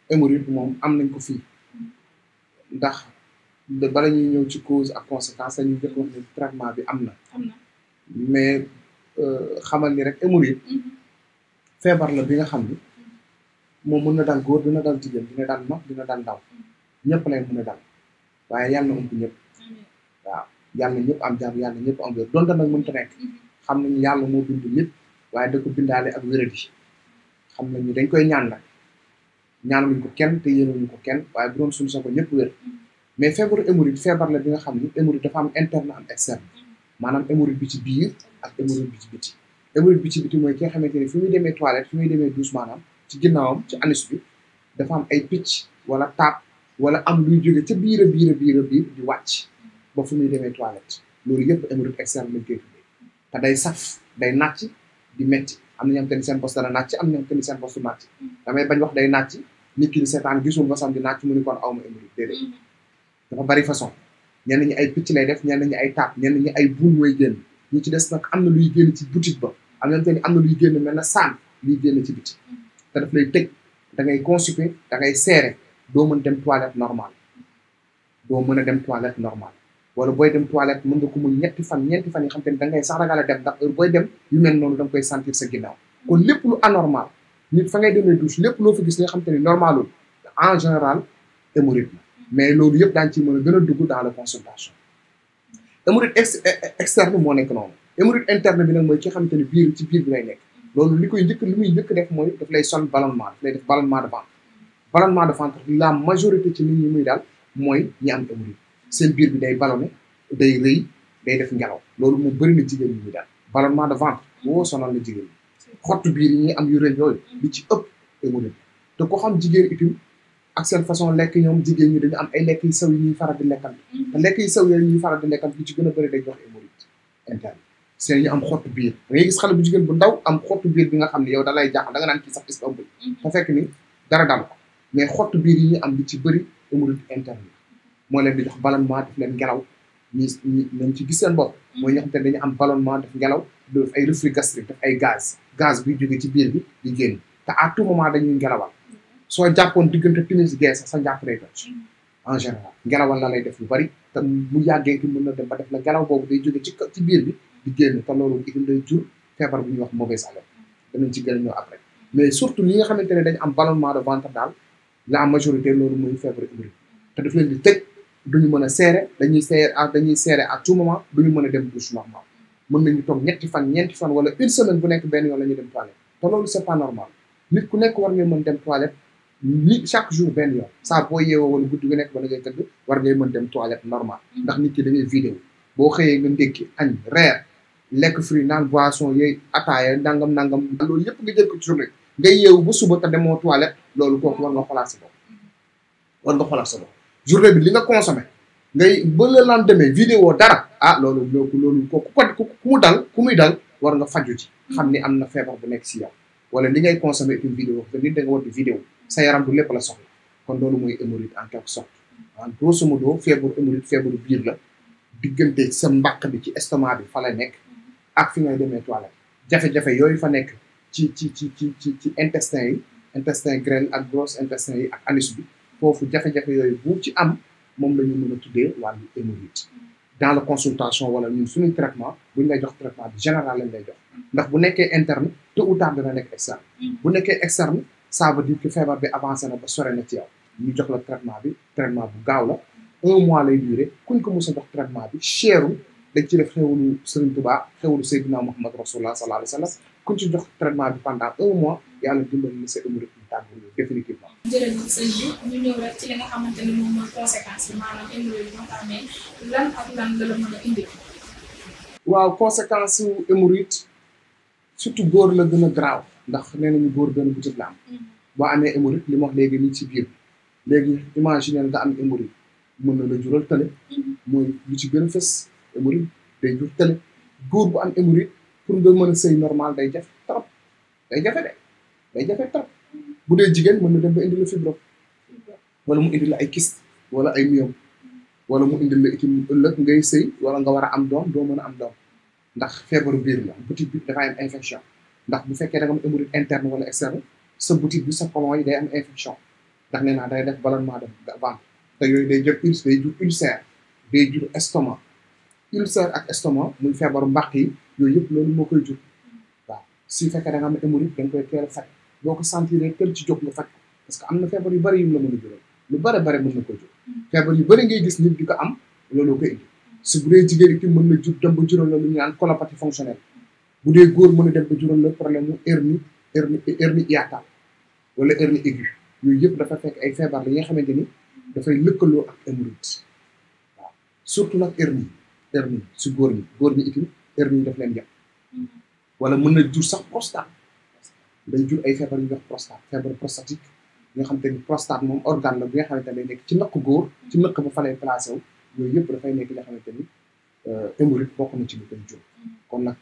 hémorroïde moom am nañ ko fi ndax bala ñuy ñëw ci cause ak conséquence dañuy jëkk wax traitement bi am na. mais euh, xamal ni rek hémorroïde mm-hmm. feebar la bi nga xam ni. moom mën na dal góor dina dal jigéen dina dal mag dina dal ndaw ñëpp lay mën a dal waaye yàlla na ëmb ñëpp waaw yàlla ñëpp am jàmm yàlla ñëpp am wér donte nag mënta nekk mhm. xam nañu yàlla moo bind lépp waaye da ko bindaale ak wéradi xam nañu dañ koy ñaan la ñaanuñu ko kenn te yéenuñu ko kenn waaye bu doon suñu sa ko ñëpp wér mhm. mais feebaru hémorroïde feebar la bi nga xam ni hémorroïde dafa am interne am externe mhm. maanaam hémorroïde bi ci biir ak hémorroïde bi ci biti mooy ki nga xamante ni fi muy demee toilette fi muy demee douche maanaam ci ginnaawam ci anus bi dafa am ay picc wala taab wala am luy jóge ca biir a biir a biir a biir di wàcc ba fu muy demee toilette loolu yëpp hémorroïde externe lañ koy tuddee te day saf day nàcc di metti am na ñoo xamante ni seen bos dana nàcc am na ñoo xamante ni seen bos du nàcc damay bañ wax day nàcc nit ki di seetaan gisul ba sam di nàcc mu ni kon awma hémorroïde déedéet mm-hmm. dafa bari façon ñenn ñi ay picc lay def ñenn ñi ay taab ñenn ñi ay buum mooy génn ñu ci des nag am na luy génn ci boutique ba am na ñoo am na luy génn mel na saan luy génn ci boutique mm-hmm. te daf lay tëj dangay ngay constipé da ngay doo mën dem toilette normale doo mën a dem toilette normale wala booy dem toilette mën nga ko muñ ñetti fan ñeenti fan yi xam te ne da ngay sax ragal a dem booy dem yu mel noonu da koy sentir sa ginnaaw kon lépp lu anormal nit fa ngay demee douche lépp loo fa gis nga xam te ne en général hémorroïde mais loolu yëpp daan ci mën a gën a dugg dans la consultation hémorroïde ex e-, e-, externe moo nekk noonu hémorroïde interne bi nag mooy ki xamante ni biir ci biir bi lay nekk loolu li koy njëkk li muy njëkk def mooy daf lay son ballonnement daf lay def ballonnement de ventre ballonnement de ventre la majorité ci nit muy daal mooy ñi am seen biir bi day ballonné day rëy day def ngelaw loolu mu bëri na jigéen ñi muy daal ballonnement de ventre woo sonal la jigéen ñi xottu biir yi ñuy am yu rëy yooyu li ci ëpp hémorroïde te ko xam jigéen itam ak seen façon lekk ñoom jigéen ñu dañu am ay lekk yu sew yi ñuy faral di lekkal mm-hmm. te lekk yu sew yooyu ñuy faral di lekkal bi ci gën a bëri day jox hémorroïde interne seen ñu am xottu biir da ngay gis xale bu ndaw am xottu biir bi nga xam ne yow da lay jaaxal da nga naan kii sax est-ce que mm-hmm. te fekk ni dara dal mais xottu biir yi ñu am li ci bëri amul interne moo leen di jox ballonnement def leen ngelaw ñi ñi nañ ci gis seen bopp mm-hmm. mooy ñoo te dañu am ballonnement def ngelaw def ay reflux gastrique def ay gaz gaz bi jóge ci biir bi i génn te à tout moment dañuy ngelawal mm-hmm. soo jàppoon diggante timis gee sax sa njàpp day toj en général ngelawal la lay def lu bari te mu yàggee ki mën na dem ba def la ngelaw boobu day jóge ci ci biir bi di génn te loolu itam day jur feebar bu ñuy wax mauvaise haleine danañ ci gën a après mais surtout ñi nga xamante ne dañ am ballonnement de ventre daal la majorité loolu mooy feebar hémorroïde te daf leen di tëj duñu mën a seere dañuy seere dañuy seere à tout moment duñu mën a dem douche normal mën nañu toog ñetti fan ñeenti fan wala une semaine bu nekk benn yoon la ñuy dem toilette te loolu c'est pas normal nit ku nekk war ngay mën dem toilette chaque jour benn yoon saa boo yeewoo wala guddi gu nekk wala ngay tëdd war ngay mën dem toilette normal mm. ndax nit ki da ngay boo xëyee nga ndékki añ reer lekk fruit naan boisson yooyu ataaya nangam nangam loolu yëpp nga jël ko ci journée nga yeewu ba suba te demoo toilette loolu kooku war nga xoolaat sa bopp war nga xoolaat bi li nga consommé ngay ba le lendemain video dara ah loolu loolu loolu kooku ku mu dal ku muy dal war nga faju ci xam ni am na feebar bu nekk si yow wala li ngay consommé une vidéo te nit di vidéo sa yaram du lépp la soxla kon loolu mooy hémorroïde en quelque sorte en grosso modo feebaru hémorroïde feebaru biir la diggante sa mbaq bi ci estomac bi fa la ak fi ngay demee toilette jafe-jafe yooyu fa nekk ci ci ci ci ci ci intestin yi intestin grêle ak gros intestin yi ak anus bi foofu jafe-jafe yooyu bu ci am moom la ñu mën a tuddee wàllu hémorroïde dans la consultation wala ñun suñu traitement buñ lay jox traitement bi général lañ lay jox ndax bu nekkee interne tôt ou tard dana nekk externe bu nekkee externe ça veut dire que feebar bi avancé na ba sore na ci yow ñu jox la traitement bi traitement bu gaaw la un mois lay durer kuñ ko mos a traitement bi cherul dañ ci def xewlu Serigne Touba xewlu Seydina Mouhamad Rasulullah sallallahu la wa sallam kuñ ci jox traitement bi pendant un mois yàlla dimbali na sa émiré bi tàgguñu conséquence bi maanaam waaw conséquence su hémorroïde surtout góor la gën a garaaw ndax nee nañu góor gën a butit la am. Mm-hmm. boo amee hémorroïde li ma wax léegi nii ci biir léegi imaginer nga am hémorroïde mën na la jural tële. Mm-hmm. mooy lu ci gën hémorroïde day jur tële góor bu am hémorroïde pour nga mën a sëy normal day jafe trop day jafe de day jafe trop bu dee jigéen mën na dem ba indi la fibro wala mu indi la ay kyste wala ay myome wala mu indi la itam ëllëg ngay sëy wala nga war a am doom doo mën a am doom ndax feebaru biir la butit bi dafay am infection ndax bu fekkee da nga am hémorroïde interne wala externe sa butit bi sa colon yi day am infection ndax nee naa day def ballonnement de ventre te yooyu day jur ulcère day ulcère ak estomac muy feebaru mbàq yi yooyu yëpp loolu moo koy jur waaw su fekkee da nga am hémorroïde da koy teel a boo ko sentiré teel ci jóg nga faj parce que am na feebar yu bari yu la mën a jural lu bëri bëri mën na koy jur feebar yu bëri ngay gis nit di ko am looloo koy indi su bu dee jigéen itam mën na jur dem ba jural la lu ñu naan colopathie fonctionnelle bu dee góor mën a dem ba jural la problème mu hernie hernie hernie hiatale wala hernie aiguë yooyu yëpp dafa fekk ay feebar yi nga xamante ni dafay lëkkaloo ak hémorroïde waaw surtout nag hernie hernie su góor ñi góor ñi itam hernie def leen yàq wala mën na jur sax prostate day jur ay feebar yu ñuy wax prostate feebar prostatique nga xam ni prostate moom organe la bi nga xamante ne nekk ci naq góor ci naq ba fa lay placé wu yëpp dafay nekk nga xamante ni euh, hémorroïde bokk ci lu koy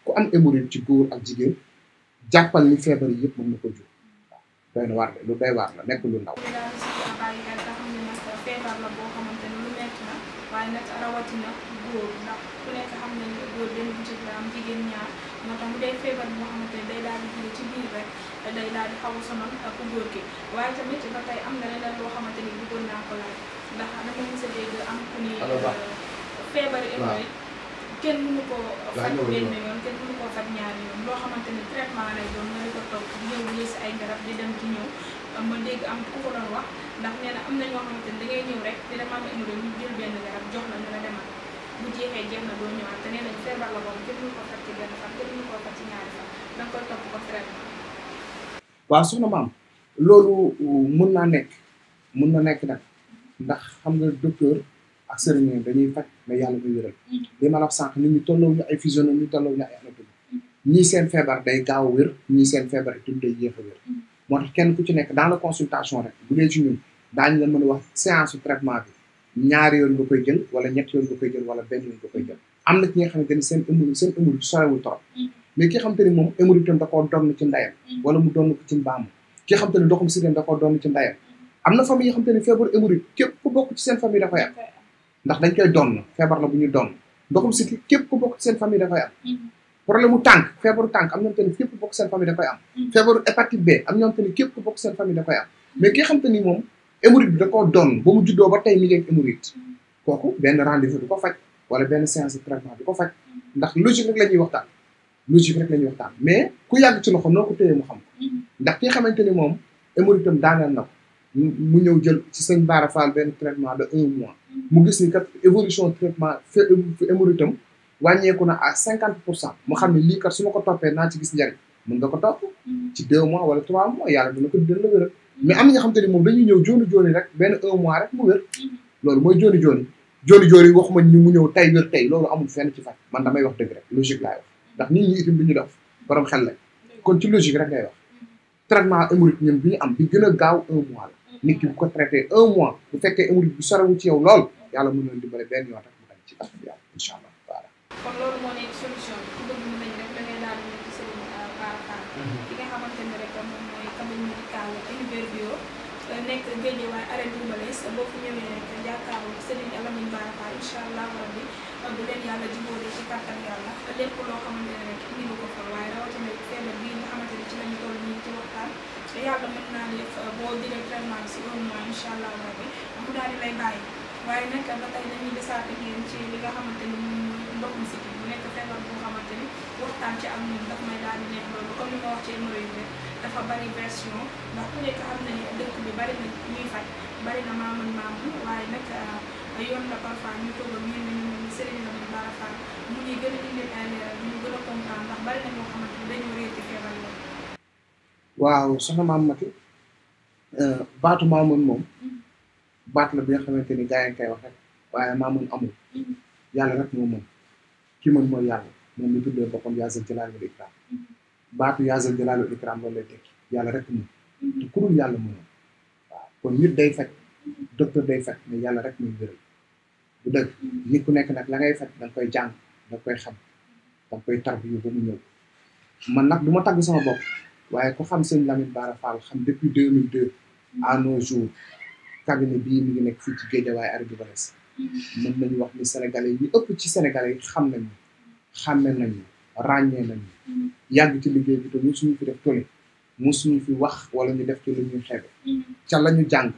ku am hémorroïde ci góor ak jigéen jàppal ni feebar yi yëpp mën na ko lu doy waar la nekk lu ndaw feebar la boo xamante ne lu nekk na waaye nag rawatina góor ndax ku nekk xam nañ ne góor benn butit la am jigéen ñaar moo tax bu dee feebar boo xamante ne day daal di jóge ci biir rek day daal di xaw a sonal ku góor gi waaye tamit ba tey am na leneen loo xamante ni bëggoon naa ko laaj ndax dama mës a dégg euh, kenn mënu koo faj benn yoon kenn loo xamante ni traitement lay doon nga di ko toog di ñëw jël ay garab di dem di ñëw ma dégg am ku ko doon wax ndax nee na am na ñoo xamante ni da ngay rek di dama am hémorroïde ñu jël benn garab jox la nga demal bu jeexee waaw soxna maam loolu euh, mun naa nekk mun na nekk nag ndax xam nga docteur ak sëriñ dañuy faj mais yàlla muy wéral li ma la wax sànq nit ñi tolloo ñu ay physionomie tolloo ñu ay anatomie ñii seen feebar day gaaw wér ñii seen feebar itam day yéex a wér moo tax kenn ku ci nekk dans la consultation rek bu dee ci ñun daañu la mën a wax séance su traitement bi ñaari yoon nga koy jël wala ñetti yoon nga koy jël wala benn yoon nga koy jël am na ci ñi seen hémorroïde seen hémorroïde sorewul mm-hmm. ki nga xamante ni moom hémorroïde tam da koo doon mm-hmm. ci mbaam ki nga xamante ni doxum siteen da koo doon ci am na famille yoo xamante ni feebar hémorroïde képp ku bokk ci seen famille ndax dañ koy doon feebar la bu ñu doon ndoxum siti képp ku bokk seen famille dafay am mm-hmm. problème mu tànk feebaru tànk am ñoom te ni képp ku bokk seen famille da koy am B am ñoom te ni képp ku bokk seen famille da koy am mais ki nga xamante ni moom hémorroïde bi da koo doon ba mu juddoo ba tey mi ngi ak kooku benn rendez-vous du ko faj wala benn séance de traitement du ko faj ndax logique rek la ñuy waxtaan logique rek la ñuy waxtaan mais ku yàgg ci loxo noo ko téye mu xam mm-hmm. ndax ki xamante ni moom hémorroïde tam daaneel mu ñëw jël ci sëñ Bara Fall traitement de un mm-hmm. mu gis ni kat évolution traitement fa wàññeeku na à cinquante pour cent mu xam ne kat su ma ko toppee naa ci gis njariñ mën nga ko topp mm-hmm. ci deux mois wala trois mois yàlla dina ko dina la wéral mais am na nga xam te ne moom dañuy ñëw jooni jooni rek benn un mois rek mu wér mhm. loolu mooy jooni jooni jooni jooni waxuma ni mu ñëw tey wér tey loolu amul fenn ci faj man damay wax dëgg rek logique laay wax ndax nit ñi itam bi ñu def borom xel lañ mhm. kon ci logique rek ngay wax mhm. traitement hémorroïde ñun bi ñu am bi gën a gaaw un mois la nit ki bu ko traité un mois bu fekkee hémorroïde bu sorewu ci yow lool yàlla mën na dimbale benn yoon rek mu dañ ci tax yàlla incha allah Mm-hmm. ki nga xamante ni rek moom mooy cabinet médical univers bio euh, nekk Guédiawaye arène Doubalès boo fi allah rabbi euh, bu leen yàlla jubóole ci kàttan yàlla lépp loo xamante ne rek indi ko fa waaye rawatina feebar bii nga xamante ne ci lañu toll nii euh, mu nga xamante ni moom mooy nekk feebar boo xamante ni. waxtaan ci ak ñun daf may daal neex loolu comme ni ma wax ci hémorroïde rek dafa bari version ndax ku nekk xam na ñuy faj bari na maamun maamun waaye nag euh, yoon la parfois ñu toog ak ñu ne Serigne Lamine Bara Fall mu ngi gën a indil ay leeral ñu gën a comprendre ndax na ñoo ni dañoo réer ci euh, baatu maamun mm-hmm. la bi nga xamante ni gars koy waaye maamun amul mm-hmm. yàlla rek moom ki mën mooy yàlla. moom mi tuddee boppam yaa zal jalaali wal ikraam baatu yaa zal jalaali wal loolu lay tekki yàlla rek mun te ku dul yàlla mënul waaw kon nit day fet docteur day faj mais yàlla rek muy wéral bu nit ku nekk nag la ngay faj da koy jàng da nga koy xam da ba mu ñëw man nag du ma tagg sama bopp waaye ku xam sëñ Lamine Bara Fall xam depuis deux mille deux à nos jours cabinet bii mi ngi nekk fii ci Guédiawaye arrêt du Balès mën nañu wax ni sénégalais yi ëpp ci sénégalais yi xam nañu xàmme nañu ràññee nañu mm-hmm. yàgg ci liggéey bi te suñu fi def tole suñu fi wax wala ñu def ci lu ñuy xeebe mm-hmm. ca la ñu jàng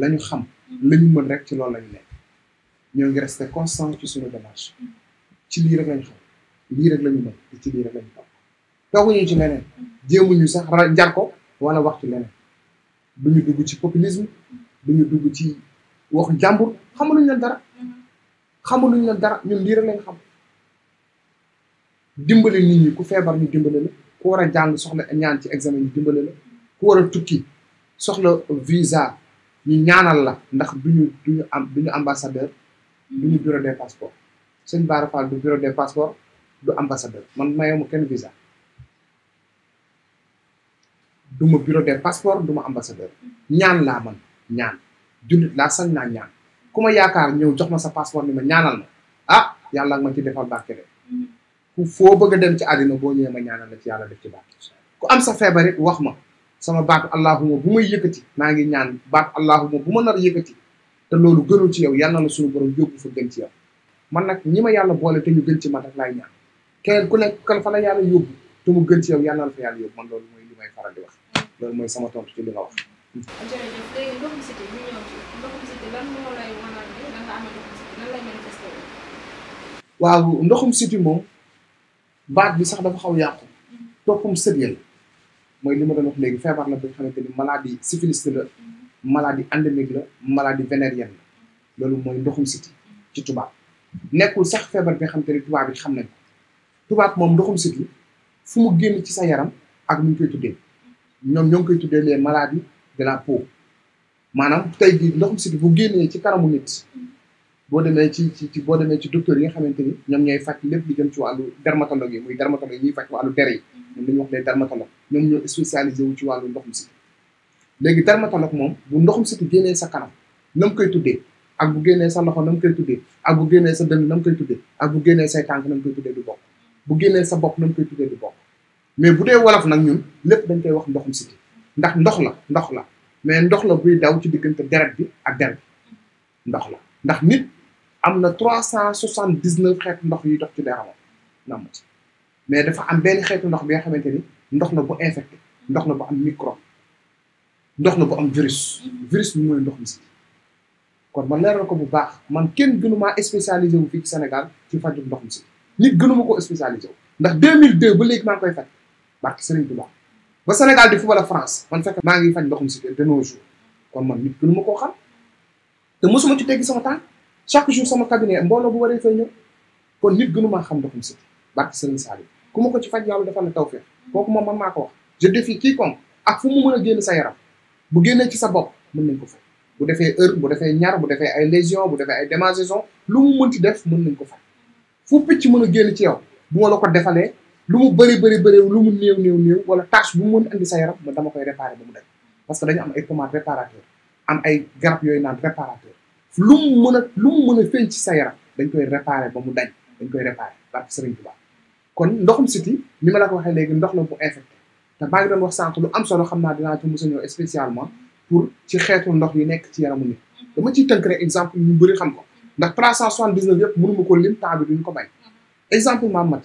la xam mm-hmm. la ñu mën rek ci loolu lañu nekk ñoo ngi resté constant ci suñu démarche ci lii rek lañu xam lii rek lañu mën ci lii rek lañu topp tooguñu ci leneen jéemuñu sax njar ko wala wax ci leneen bu ñu dugg ci populisme du ñu dugg ci waxu jàmbur xamaluñu leen dara xamaluñu leen dara ñun lii rek lañ xam dimbali nit ñi ku feebar ñu dimbali la ku war a jàng soxla ñaan ci examen ñu dimbali la ku war a tukki soxla visa ñu ñaanal la ndax duñu ñu am duñu ambassadeur duñu bureau des passeports sëñ Bara Fall du bureau des passeports du ambassadeur man mayoo ma kenn visa duma bureau des passeports duma ñaan laa man ñaan jullit laa sañ naa ñaan ku ma yaakaar ñëw jox ma sa passeport ni ma ñaanal ma ah yàlla nga ma ci defal barke de ku foo bëgg dem ci àddina boo ñëwee ma ñaanal la ci yàlla def ci baat ku am sa feebar wax ma sama baatu allahuma bu may yëkkati maa ngi ñaan baatu allahuma bu ma nar yëkkati te loolu gënul ci yow yal na la suñu borom yóbbu fa gën ci yow man nag ñi ma yàlla boole te gën ci man rek laay keneen ku nekk kan fa yàlla yóbbu te mu gën ci yow yal na la fa yàlla yóbbu man loolu mooy li may faral di wax loolu mooy sama tontu ci li nga wax. jërëjëf léegi waaw ndoxum cité moom baat bi sax dafa xaw yàqu toppum sérieux mooy li ma doon wax léegi feebar la ba nga xamante ni maladie syphilis la maladie endémique la maladie vénérienne la loolu mooy ndoxum siti ci tubaab nekkul sax feebar bi nga xamante ni tubaab yi xam nañ ko tubaab moom ndoxum siti fu mu génn ci sa yaram ak nu ñu koy tuddee ñoom ñoo ngi koy tuddee les maladies de la peau maanaam tey jii ndoxum siti bu génnee ci kanamu nit boo demee ci ci ci boo demee ci docteurs yi nga xamante ni ñoom ñooy faj lépp li jëm ci wàllu dermatologue yi muy dermatologue yi ñuy faj wàllu der yi mm-hmm. ñoom la ñuy wax les dermatologue ñoom ñoo spécialisé wu ci wàllu ndoxum siti léegi dermatologue moom bu ndoxum siti génnee sa kanam na mu koy tuddee ak bu génnee sa loxo na mu koy tuddee ak bu génnee sa dënn na mu koy tuddee ak bu génnee say tànk na mu koy tuddee du bokk bu génnee sa bopp na mu koy tuddee du bokk mais bu dee wolof nag ñun lépp dañ koy wax ndoxum siti ndax ndox la ndox la mais ndox la buy daw ci diggante deret bi ak der ndox ndax am na trois cent soixante dix neuf xeetu ndox yuy dox ci deramam namm ci mais dafa am benn xeetu ndox bi nga xamante ni ndox la bu infecté ndox la bu am microbe ndox la bu am virus virus bi mooy ndox mi si kon ma leeral ko bu baax man kenn gënumaa spécialisé wu fii ci Sénégal ci fajum ndox mi si nit gënuma ko spécialisé wu ndax 2002 ba léegi maa ngi koy faj barke Serigne Touba ba Sénégal di football France man fekk maa ngi faj ndox mi si de nos jours kon man nit gënuma koo xam te mosuma ci chaque jour sama cabinet mbooloo bu waree fay ñëw kon nit gënu xam ndoxum siti barke Serigne Saliou ku ma ko ci faj yàlla defal na tawfeex kooku moom man maa ko wax je défie quiconque ak fu mu mën a génn sa yaram bu génnee ci sa bopp mën nañ ko faj bu defee heure bu defee ñaar bu defee ay lésion bu defee ay démangeaison lu mu mënti def mën nañ ko faj fu picc mën a génn ci yow bu ma la ko defalee lu mu bëri bëri bëri lu mu néew néew néew wala ta bu mu mën sa yaram ma dama koy réparer ba mu def parce que dañu am ay pommades yooyu naan lu mu mën a lu mu mën a feeñ ci sa yaram dañ koy réparer ba mu dañ dañ koy réparer barke Sëriñ Tuubaa kon ndoxum siti ni ma la ko waxee léegi ndox la bu infecté te maa ngi doon wax sànq lu am solo xam naa dinaa ci mos a ñëw pour ci xeetu ndox yi nekk ci yaramu nit dama ciy tënk rek exemple ñu bëri xam ko ndax trois cent soixante-dix-neuf yëpp mënuma ko lim temps bi duñu ko may exemple maam mat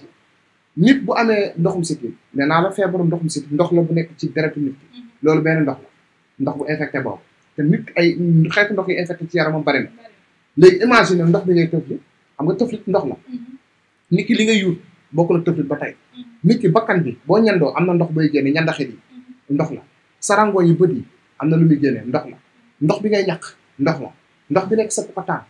nit bu amee ndoxum siti nee naa la feebaru ndoxum siti ndox la bu nekk ci deretu nit mm-hmm. loolu benn ndox la ndox bu infecté boobu te nit ay xeetu ndox yi infecté ci yaramam bari na léegi imagine ndox bi ngay tëfli xam nga tëflit ndox la mhm. nit ki li ngay yuut bokkul ak tëflit ba tey mhm. nit ki bakkan bi boo ñandoo am na ndox booy génne ñandaxit yi mhm. ndox la sarangoo yi bët yi am na lu muy génne ndox la ndox bi ngay ñaq ndox la ndox bi nekk sa pokotaan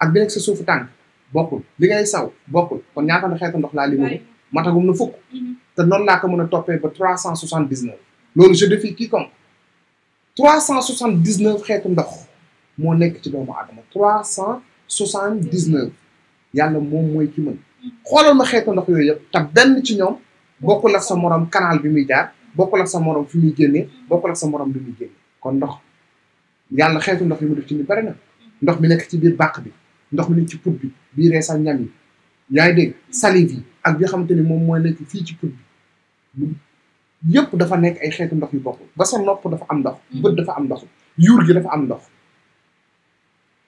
ak bi nekk sa suufu tànk bokkul li ngay saw bokkul kon ñaata na ndox laa li munu matagum na fukk te noonu laa ko mën a toppee ba trois cent soixante-dix-neuf loolu je trois cent soixante dix neuf xeetu ndox moo nekk ci doomu aadama trois cent soixante dix neuf yàlla moom mooy ki mën xoolal ma xeetu ndox yooyu yëpp te benn ci ñoom bokkul ak sa moroom canal bi muy jaar bokkul ak sa morom fi muy génnee bokkul ak sa moroom bi muy génne kon ndox yàlla xeetu ndox yi mu def ci ni bari na ndox mi nekk ci biir bàq bi ndox mi nekk ci put bi bii ree sa ñam yi yaa ngi dégg salive yi ak bi xamante ni moom mooy nekk fii ci put yëpp dafa nekk ay xeetu ndox yu bokkul ba sa nopp dafa am ndox mm-hmm. bët dafa am ndox yuur gi dafa am ndox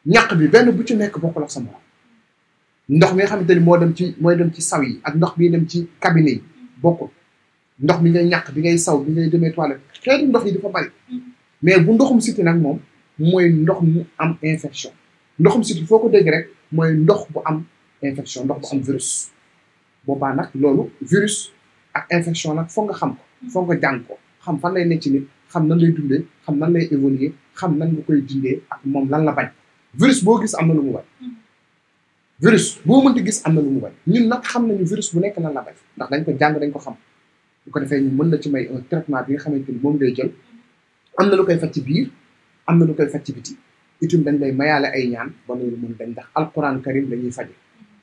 ñaq bi benn bu ci nekk bokkul ak sa morom ndox mi xamante ni moo dem ci mooy dem ci saw yi ak ndox bi dem ci cabinet yi mm-hmm. bokkul ndox mi ngay ñaq bi ngay saw bi ngay demee toilette xeetu ndox yi dafa bari mm-hmm. mais bu ndoxum siti nag moom mooy ndox mu am infection ndoxum siti foo ko dégg rek mooy ndox bu am infection ndox bu am virus boobaa nag loolu virus ak infection nag foo nga xam foog nga jàng ko xam fan lay nekk ci nit xam nan lay dundee xam nan lay évoluer xam nan nga koy dindee ak moom lan la bañ virus boo gis am na lu mu bañ virus boo mënti gis am na lu mu bañ ñun nag xam nañu virus bu nekk lan la bañ ndax dañ ko jàng dañ ko xam bu ko defee ñu mën la ci may un traitement bi nga xamante ni moom lay jël am na lu koy faj ci biir am na lu koy faj ci biti itam dañ lay mayaale ay ñaan ba loolu mën dañ ndax alquran karim la ñuy faje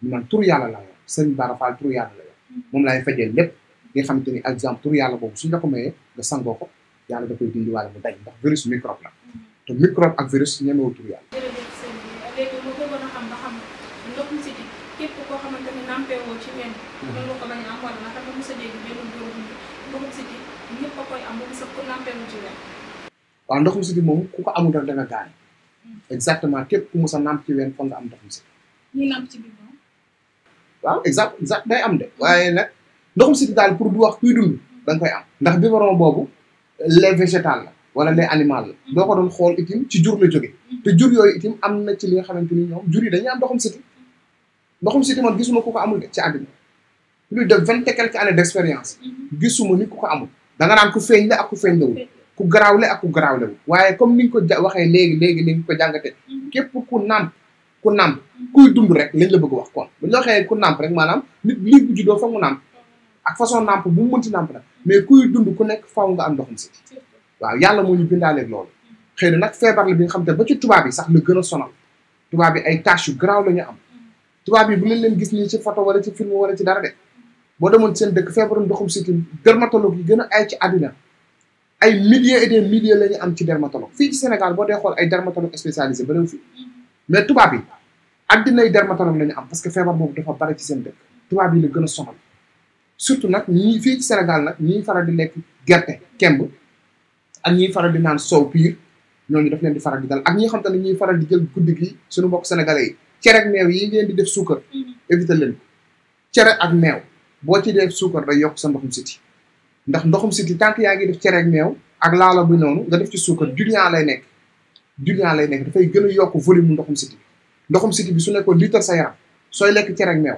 ñu naan tur yàlla la yor sëñ Bara la yor moom laay fajee lépp di nga xamante ni exemple tur yàlla boobu suñ la ko mayee nga sangoo ko yàlla mm-hmm. a xam ba xam ndoxum si di képp mm-hmm. a a dégg benn góor ndoxum si di ñëpp ndoxum si moom ku ko amul rek da gaañ mm-hmm. exactement képp ku mos a ci ween foog nga am ndoxum si di ñuy waaw exact exact am de waaye nag ndoxum siti daal pour du wax kuy dund dang koy am ndax biberon bobu les végétal la wala les animal la boo ko doon xool itim ci jur la joge te jur yoy itim am na ci li nga xamanteni ñom juri jur am doxum siti doxum siti man gisuma ko ko amul ci àddina plus de 20 quelques années d'expérience gisuma ni ko ko amul da nga nan ku feñ la ak ku feeñ lawul ku garaawle ak ku garaawle wu waye comme niñ ko waxe léegi léegi niñ ko jangate kep ku nàmp ku nam kuy dund rek lañ la bëgg wax kon bu ñu waxee ku nam rek manam nit li bu ci do fa mu nam ak façon nàmp bu mu mënti nàmp nag mais kuy dund ku nekk faw nga am ndoxum si waaw yàlla moo ñu bindaaleeg loolu xëy na nag feebar la bi nga xam te ba ci tubaab yi sax na gën a sonal tubaab yi ay tâche yu la ñu am tubaab yi bu leen leen gis nii ci photo wala ci film wala ci dara de boo demoon dëkk feebaru ndoxum sitim dermatologue yi gën a ay ci àddina ay milliers et des milliers am ci dermatologue fii ci boo dee xool ay dermatologue spécialisé ba réew fii mais tubaab yi àddinay dermatologue la ñu am parce que feebar boobu dafa bari ci seen dëkk tubaab yi la gën a sonal surtout nag ñii fii ci Sénégal nag ñii faral di lekk gerte kemb ak ñii faral di naan sow piir ñooñu daf leen di faral di dal ak ñi xam te ne ñuy faral di jël guddi gi suñu mbokk sénégalais yi cere ak meew yi ngeen di def suukar mm-hmm. éviter leen cere ak meew boo ci def suukar day yokk sa ndoxum siti ndax ndoxum siti tant que yaa ngi def cere ak meew ak laala bu noonu nga def ci suukar durian lay nekk durian lay nekk dafay gën a yokk volume ndoxum siti ndoxum siti bi su nekkoon litre sa yaram sooy lekk cere meew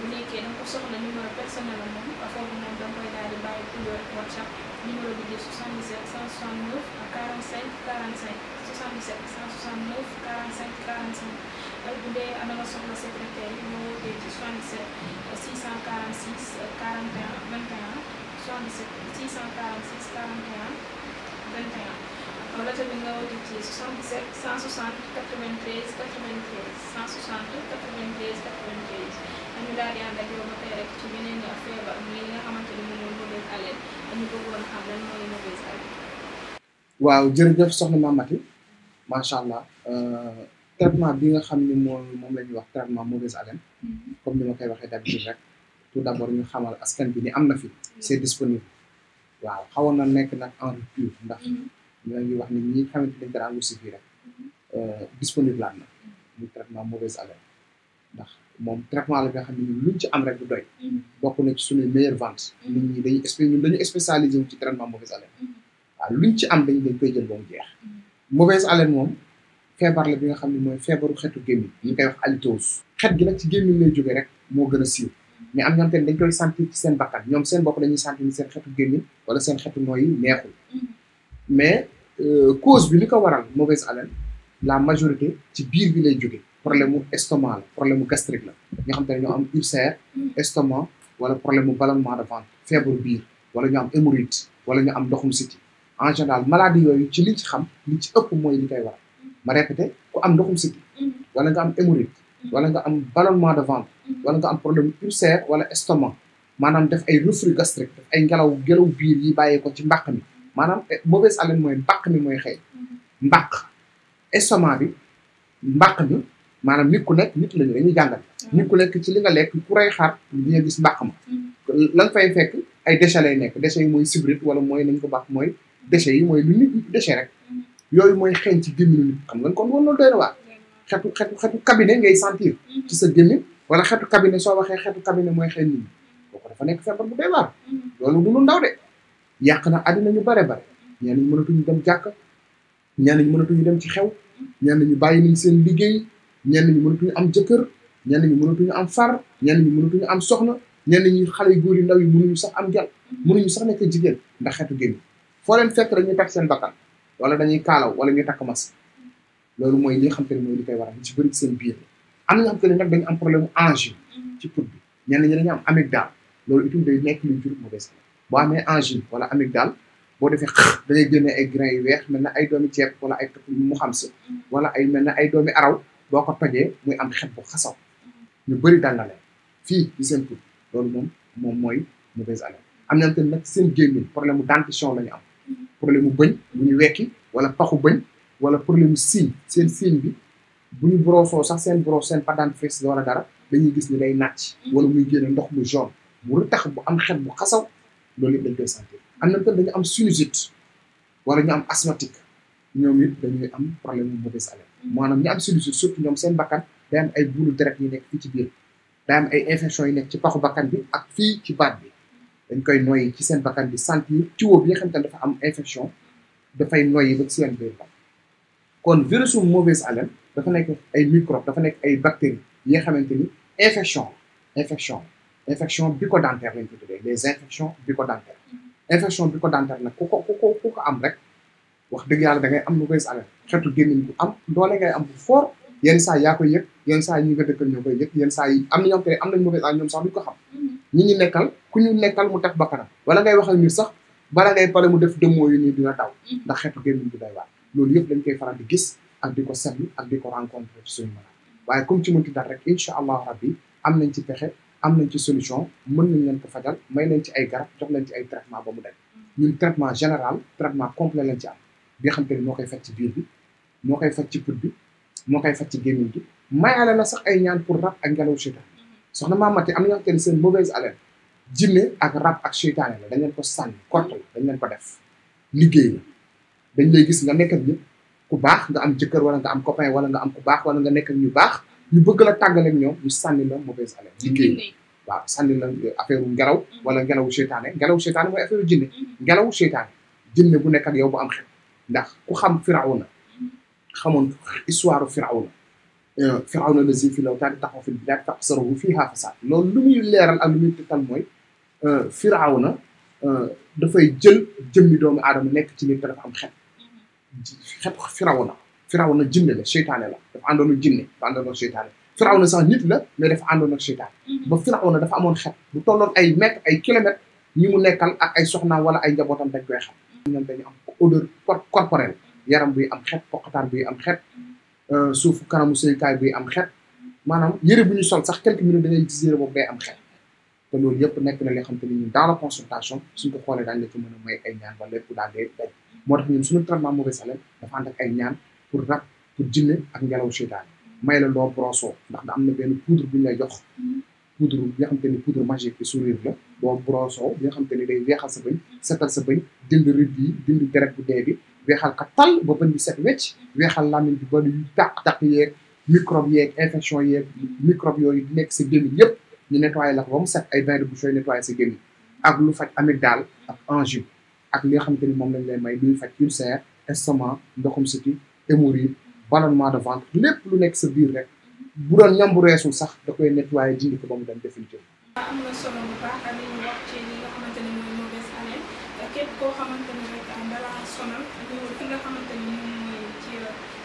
personnel moom foofu moom da nga koy daal di bàyyi couleur WhatsApp numéro bi di 77 169 45 45 77 169 45 45 bu dee am na soxla secrétaire yi moo wootee ci 77 646 41 21 77 646 41 21 rajo bi nga woote ci 77 160 93 93 160 93 93. ñu daal di waaw jërëjëf soxna ma Mati macha allah euh, traitement bi nga xam ne moom moom la ñuy wax traitement mauvaise haleine mhm. comme ni ma koy waxee d'habitude rek tout d'abord ñu xamal askan bi ni am na fi c'est disponible waaw xawoon na nekk nag en rupture ndax mhm. ngi wax ni ñi xamante dañ dara am si fii rek mhm. euh, disponible am na traitement mauvaise haleine ndax moom traitement la nga xam ne ñun luñ ci am rek du doy. Mm-hmm. bokk na ci suñuy meilleure vente. Mm-hmm. nit ñi dañuy spé ñun dañuy spécialisé wu ci traitement mauvaise haleine. Mm-hmm. waaw luñ ci am dañ dañ koy jël ba mu jeex. mauvaise haleine moom feebar la bi nga xam ne mooy feebaru xetu gémmiñ ñu koy wax halitose. xet gi nag ci gémmiñ lay jógee rek moo gën a siiw mais am ñoo dañ koy sentir ci seen bakkan ñoom seen bopp dañuy sentir ni seen xetu gémmiñ wala seen xetu nooyi neexul. mais euh, cause bi li ko waral mauvaise haleine la majorité ci biir bi lay jógee. problème mu estomac la problème mu gastrique la ñoo xam te ne ñoo am ulcère estomac wala problème mu ballonnement de ventre feebar biir wala ñu am hémorroïde wala ñu am ndoxum siti en général maladie yooyu ci li ci xam li ci ëpp mooy li koy waral ma répété ku am ndoxum siti wala nga am hémorroïde wala nga am ballonnement de ventre wala nga am problème ulcère wala estomac maanaam def ay reflux gastrique def ay ngelaw ngelaw biir yi bàyyee ko ci mbàq mi maanaam eh, mauvaise haleine mooy mbàq mi mooy xëy mbàq estomac bi maanaam nit ku nekk nit lañu dañuy jàngal mm. nit ku nekk ci li nga lekk ku rey xar di nga gis mbàq ma mm. lan fay fekk ay déchets lay nekk déchets yi mooy cigarette wala mooy nañ ko baax mooy déchets yi mooy lu nit ñi rek mm. yooyu mooy xeeñ ci gémmiñu nit xam nga kon woon loolu doy na waar xetu xetu xetu ngay sentir ci sa gémmiñ wala xetu soo waxee xetu cabinet mooy xeeñ nit ñi kooku dafa nekk feebar bu doy waar loolu du lu ndaw de yàq na àddina ñu bare bare ñenn ñi mënatuñu dem jàkk ñaan ñi mënatuñu dem ci xew ñenn nañu bàyyi nañ seen liggéey ñenn ñi ñu am jëkkër ñenn ñi ñu am far ñenn ñi mënatuñu am soxna ñenn ñi xale yu góor yu ndaw yi mënuñu sax am jal mënuñu sax nekk jigéen ndax xeetu génn foo leen fekk rek ñu takk seen bakkan wala dañuy kaalaw wala ñu takk mas loolu mooy li nga xam te ne mooy li koy waral ci seen biir am na ñoo xam dañu am problème angine ci pour bi ñenn ñi dañu am amygdale loolu itam day nekk luy jur mauvaise santé boo amee angine wala amygdale boo defee xëy dañuy génnee ay grains yu weex mel na ay doomi ceeb wala ay mu xam si wala ay mel na ay doomi araw boo ko tojee muy am xet bu xasaw ñu bëri daan na leen fii di seen tur loolu moom moom mooy mauvaise haleine am na tamit nag seen gémmiñ problème mu dentition la am problème mu bëñ bu ñu wekki wala paxu bëñ wala problème mu siiñ seen siiñ bi bu ñu brossoo sax seen brosse seen pâte dentifrice wala dara dañuy gis ni lay nàcc wala muy génne ndox mu jaune bu tax bu am xet bu xasaw loolu yëpp dañ koy santé am na tamit dañu am sinusite wala ñu am asthmatique ñoom it dañuy am problème mu mauvaise haleine mm. maanaam ñi am sollicite surtout ñoom seen bakkan day am ay buulu deret yi nekk fii ci biir day am ay infection yi nekk ci paxu bakkan bi ak fii ci baat bi dañ koy noyyi ci seen bakkan bi sentir tuyau bi nga xam te ne dafa am infection dafay noyyi ba seen biir bakkan kon virus su mauvaise haleine dafa nekk ay microbe dafa nekk ay bactéries yi nga xamante ni infection infection infection bucco-dentaire lañ ko tuddee les infections bucco-dentaires mm. bi ko dentaire nag ko ko ku ko ku ko am rek wax deug yàlla da ngay am lu koy sànni xetu gémmiñ bu am doole ngay am bu for yeen sa ya koy yek yeen sa yi ñi nga dëkkal ñoo koy yëg yenn saa yi am ñoo xam am nañ mauvaise haleine ñoom sax duñ ko xam mhm. ñi ñi nekkal ku ñu nekkal mu tax bakara wala ngay waxal ñu nit sax bala ngay pare mu def dëmmoo yu nii dina taw mhm. ndax xetu gémmiñ bi day wa loolu yëpp dañ koy faral di gis ak diko ko ak diko rencontrer ci suñu mara waye kum ci mënti dal rek inshallah rabbi am nañ ci pexé am nañ ci solution mën nañ leen ko fajal may nañ ci ay garab jox nañ ci ay traitement ba mu dem mhm. ñun traitement général traitement complet lañ ci am bi xam te ne moo koy faj ci biir bi moo koy faj ci put bi moo koy faj ci gémmiñ gi mayaale la sax ay ñaan pour rab ak ngelaw seytaane mhm. soxna maam Mati am na ñoo ne seen mauvaise haleine jinne ak rab ak seytaane la dañ leen ko sànni kort la dañ leen ko def liggéey dañ lay gis nga nekk ak ku baax nga am jëkkër wala nga am copain wala nga am ku baax wala nga nekk ak baax ñu bëgg la tàggale ak ñoom ñu sànni la mauvaise haleine liggéey waaw sànni la affaire ngelaw mhm. wala ngelawu seytaane ngelawu seytaane mooy affaire jinne mhm. ngelawu seytaane jinne bu nekk yow bu am ndax ku xam firawna xamoon histoire firawna firawna la zin fi law taal taxaw fi bilaad faqsarahu fiha fasad loolu lu muy leeral ak lu muy tëtal mooy firawna dafay jël jëmmi doomu aadama nekk ci nit dafa am xet xet firawna firawna jinne la seytaane la dafa àndoon ak jinne dafa àndoon ak seytaane firawna sax nit la mais dafa àndoon ak seytaane ba firawna dafa amoon xet bu tolloon ay mètre ay kilomètre ñi mu nekkal ak ay soxnaam wala ay njabootam dañ koy xam ñoom dañu am odeur corporelle yaram buy am xet poqataan buy am xet euh, suufu kanamu sëykaay bi am xet maanaam yëre bu ñu sol sax quelques da ngay gis yëre boobu day am te loolu yëpp nekk na li xam te ni ñun dans la consultation suñ ko xoolee daañu la ci may ay ñaan wala lépp daal day daj moo tax ñun suñu traitement mauvaise haleine dafa ànd ak ay ñaan pour rab pour jinne ak ngelaw seytaane may la loo broso ndax da am na benn poudre bu ñu lay jox poudre bi nga xam te ni poudre magique bi sourire la boo broso bi nga xam te ni day weexal sa bëñ setal sa bëñ dindi rëdd yi dindi deret bu dee bi weexal ka tal ba bëñ bi set wecc weexal làmmiñ bi ba yu tàq-tàq yeeg microbe yeeg infection yeeg microbe yooyu nekk sa gémmiñ yépp ñu nettoyé la ko ba mu set ay bain de bouche yooyu nettoyé sa gémmiñ ak lu faj amygdale ak angine ak li nga xamante ni moom lañ lay may luy faj ulcère estomac ndoxum siti hémorroïde ballonnement de ventre lépp lu nekk sa biir rek bu doon ñam bu reesul sax da koy nettoyer jindi ko ba mu dem defil jëm solo bu baax ami wax ci li nga xamante ne mauvaise haleine képp koo xamante ne rek dala sonal ñëwul fi nga xamante ne moom ci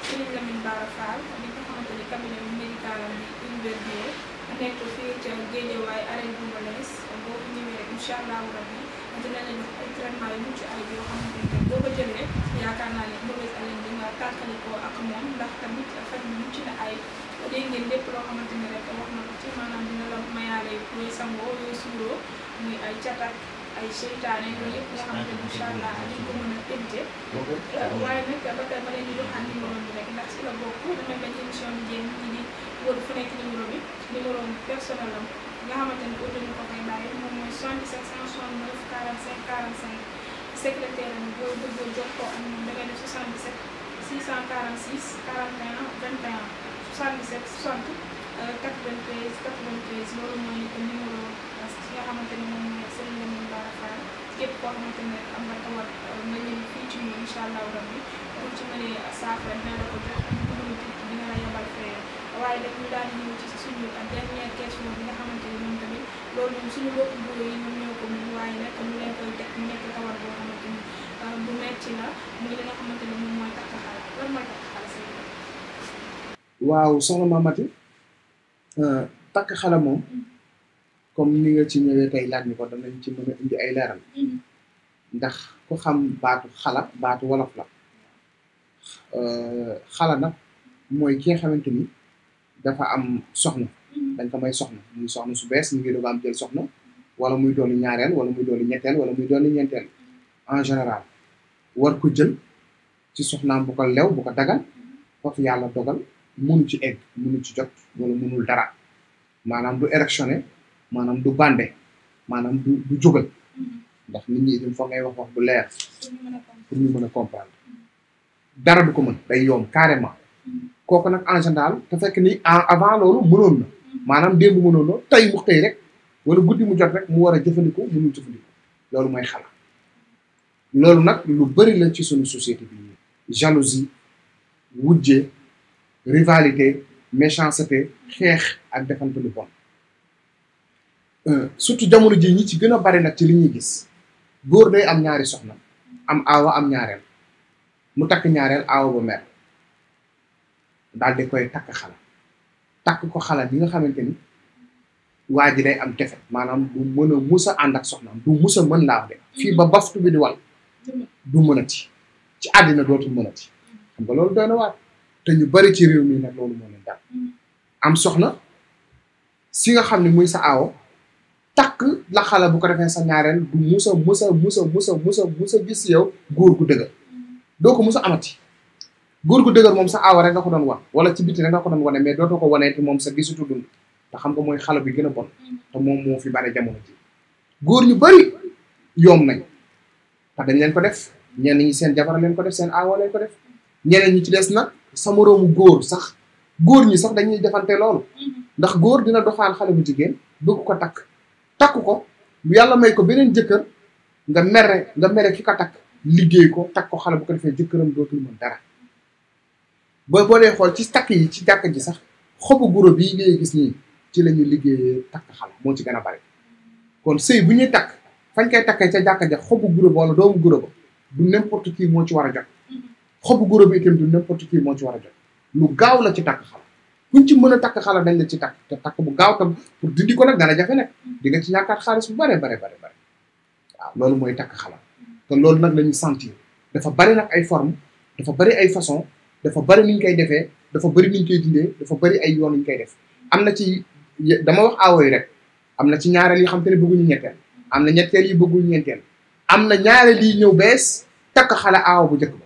Serigne Lamine Bara Fall li nga xamante cabinet médical bi Univerbio nekk fii ca Guédiawaye arène bu Mbalaise boo ko ñëwee rek incha rabbi dina ay traitement yu ay ko yaakaar naa mauvaise haleine ak moom ndax tamit mu ay dégg ngeen lépp loo xamante ni rek wax na ko ci maanaam dina la mayaale yooyu sangoo yooyu suuroo muy ay catak ay seytaane yooyu yëpp nga xamante ni incha a tënte waaye ba tey ma leen di joxaat numéro bi rek ndax si la bokk damay bañ émission bi jéem ñi di wër fu nekk numéro bi numéro personnel am nga xamante ni ko dañu ko koy bàyyi moom mooy 77 169 45 45 secrétaire am boo bëgg jox ko am moom def 77 646 41 77 60 93 93 loolu mooy numéro ki nga xamante ni moom mooy Serigne Lamine Bara Fall xamante ni rek am nga tawat nga ñëw fii ci ko jox ak dugalu tiit dina nga xamante ni ñun tamit loolu ñun suñu bopp bureau yi ñoom ko mun waaye nag ñu mu nekk tawat boo xamante ni bu metti la muy li nga xamante ni moom mooy takk xaal lan mooy waaw soxna Mamati euh, takk xala moom comme ni nga ci ñëwee tey laat ñu ko danañ ci mën indi ay leeral mm-hmm. ndax ku xam baatu xala baatu wolof la euh, xala nag mooy ki nga xamante ni dafa am soxna mm-hmm. dañ ko may soxna muy soxna su bees ngi am jël soxna wala muy doon ñaareel wala muy doon ñetteel wala muy doon ñeenteel en général war ko jël ci soxnaam bu ko lew bu ko dagal mm-hmm. foofu yàlla dogal mënu ci egg mënu ci jot wala mënul dara maanaam du érectionné maanaam du bande maanaam du jógal ndax mi ñi itam foog ngay wax wax bu leer pour ñu mën a comprendre dara du ko mën day yomb carrément kooku nag en général te fekk ni avant loolu mënoon na maanaam démb mënoon na tey mu xëy rek wala guddi mu jot rek mu war a jëfandikoo mënul jëfandikoo loolu mooy xalaat loolu nag lu bëri la ci sunu société bi jalousie wujje rivalité méchanceté xeex ak defante lu bon euh, surtout jamono ji ñi ci gën a bari nag ci li ñuy gis góor day am ñaari soxna am aawa am ñaareel mu takk ñaareel aawa ba mer daal di koy takk xala takk ko xalaat bi nga xamante ni waa ji day am defet maanaam du mën a mus a ànd ak soxnaam du mus mën laa de fii ba baftu bi di wal du mënati ci àddina dootu mënati xam nga loolu doy na waar te ñu bari ci réew mi nag loolu moo leen dal mm. am soxna si nga xam ne muy sa aawo takk la xala bu ko defee sa ñaareel du musa musa musa musa musa musa gis yow góor gu dëgër mm. doo ko musa amati góor gu dëgër moom sa aawo rek nga ko doon wan wala ci biti rek nga ko doon wane mais dootoo ko ti moom sa gisutu dund te xam nga mooy xala bi gën a bon mm. te moom moo fi bare jamono ji góor ñu bari yoom nañ te dañ leen ko def ñenn ñi seen jabar leen ko def seen aawo ko def ñeneen ñi ci des nag sama moroomu góor sax góor ñi sax dañuy defante loolu mm-hmm. ndax góor dina doxaan xale bu jigéen bëgg ko takk takk ko bu yàlla may ko beneen jëkkër nga mere nga mere ki ko takk liggéey ko takk ko xale bu ko defee jëkkëram dootul mën dara boo boolee xool ci takk yi ci jàkk ji sax xobu guro bi ngay gis nii ci la ñuy liggéeyee takk xale moo ci gën a bari kon sëy bu ñuy takk fañ koy takkee ca jàkk ja xobu guro ba wala doomu guro ba du n'importe qui moo ci war a jot xobu goro bi itam du n'importe qui moo ci war a jot lu gaaw la ci takk xala kuñ ci mën a takk xala dañ la ci takk te takk bu gaaw tam pour dindi ko nag dana jafe nag dinga nga ci ñàkkaat xaalis bu bare bare bare bare waaw loolu mooy takk xala te loolu nag la ñu sentir dafa bari nag ay forme dafa bari ay façon dafa bari ni ñu koy defee dafa bari ni ñu koy dindee dafa bari ay yoon yu ñu koy def am na ci dama wax aawo yi rek am na ci ñaareel yi xam te ne bëgguñu ñetteel am na ñetteel yi bëgguñu ñeenteel am na ñaareel yi ñëw bees takk xala aawo bu njëkk